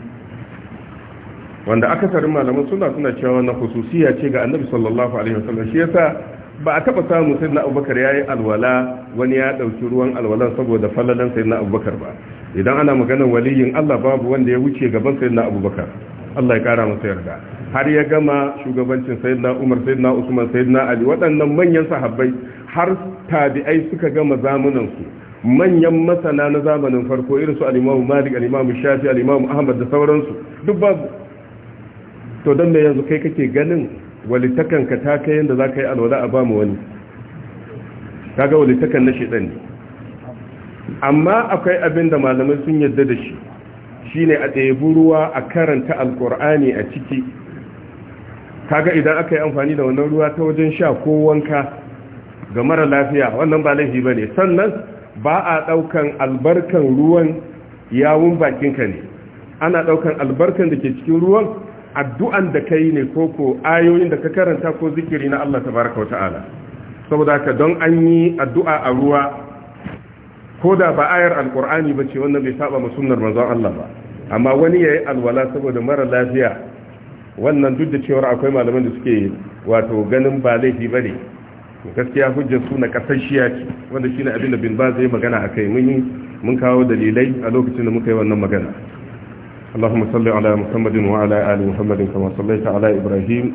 wanda sari malaman suna suna cewa na hususiya ce ga annabi sallallahu alaihi wasallam shi yasa ba a taba samu sai na abubakar ya yi alwala wani ya ɗauki ruwan alwalan saboda falalan sai na abubakar ba idan ana maganar waliyin allah babu wanda ya wuce gaban sai na abubakar allah ya kara masa yarda har ya gama shugabancin sayyidina umar sayyidina usman sayyidina ali waɗannan manyan sahabbai har tabi'ai suka gama zamaninsu manyan masana na zamanin farko irin su al malik al shafi al ahmad da sauransu duk babu to dan me yanzu kai kake ganin walitakan ka ta kai yanda zaka yi alwala a bamu wani kaga walitakan na shedan ne amma akwai abin da malamai sun yarda da shi shine a ɗebi ruwa a karanta alkur'ani a ciki kaga idan aka yi amfani da wannan ruwa ta wajen sha ko wanka ga mara lafiya wannan ba laifi ba ne sannan ba a ɗaukan albarkan ruwan yawun bakin ka ne ana ɗaukan albarkan da ke cikin ruwan addu'an da ka yi ne ko ko ayoyin da ka karanta ko zikiri na Allah Ta wa ta'ala saboda ka don an yi addu'a a ruwa ko da ba ayar alƙur'ani ba ce wannan bai saba ma manzon Allah ba amma wani ya yi alwala saboda mara lafiya wannan duk da cewar akwai malaman da suke wato ganin ba laifi ba ne gaskiya hujjar su na kasashiya ce wanda shi ne abin da bin ba zai magana a kai mun kawo dalilai a lokacin da muka yi wannan magana اللهم صل على محمد وعلى آل محمد كما صليت على إبراهيم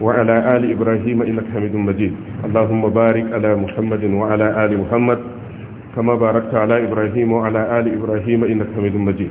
وعلى آل إبراهيم إنك حميد مجيد اللهم بارك على محمد وعلى آل محمد كما باركت على إبراهيم وعلى آل إبراهيم إنك حميد مجيد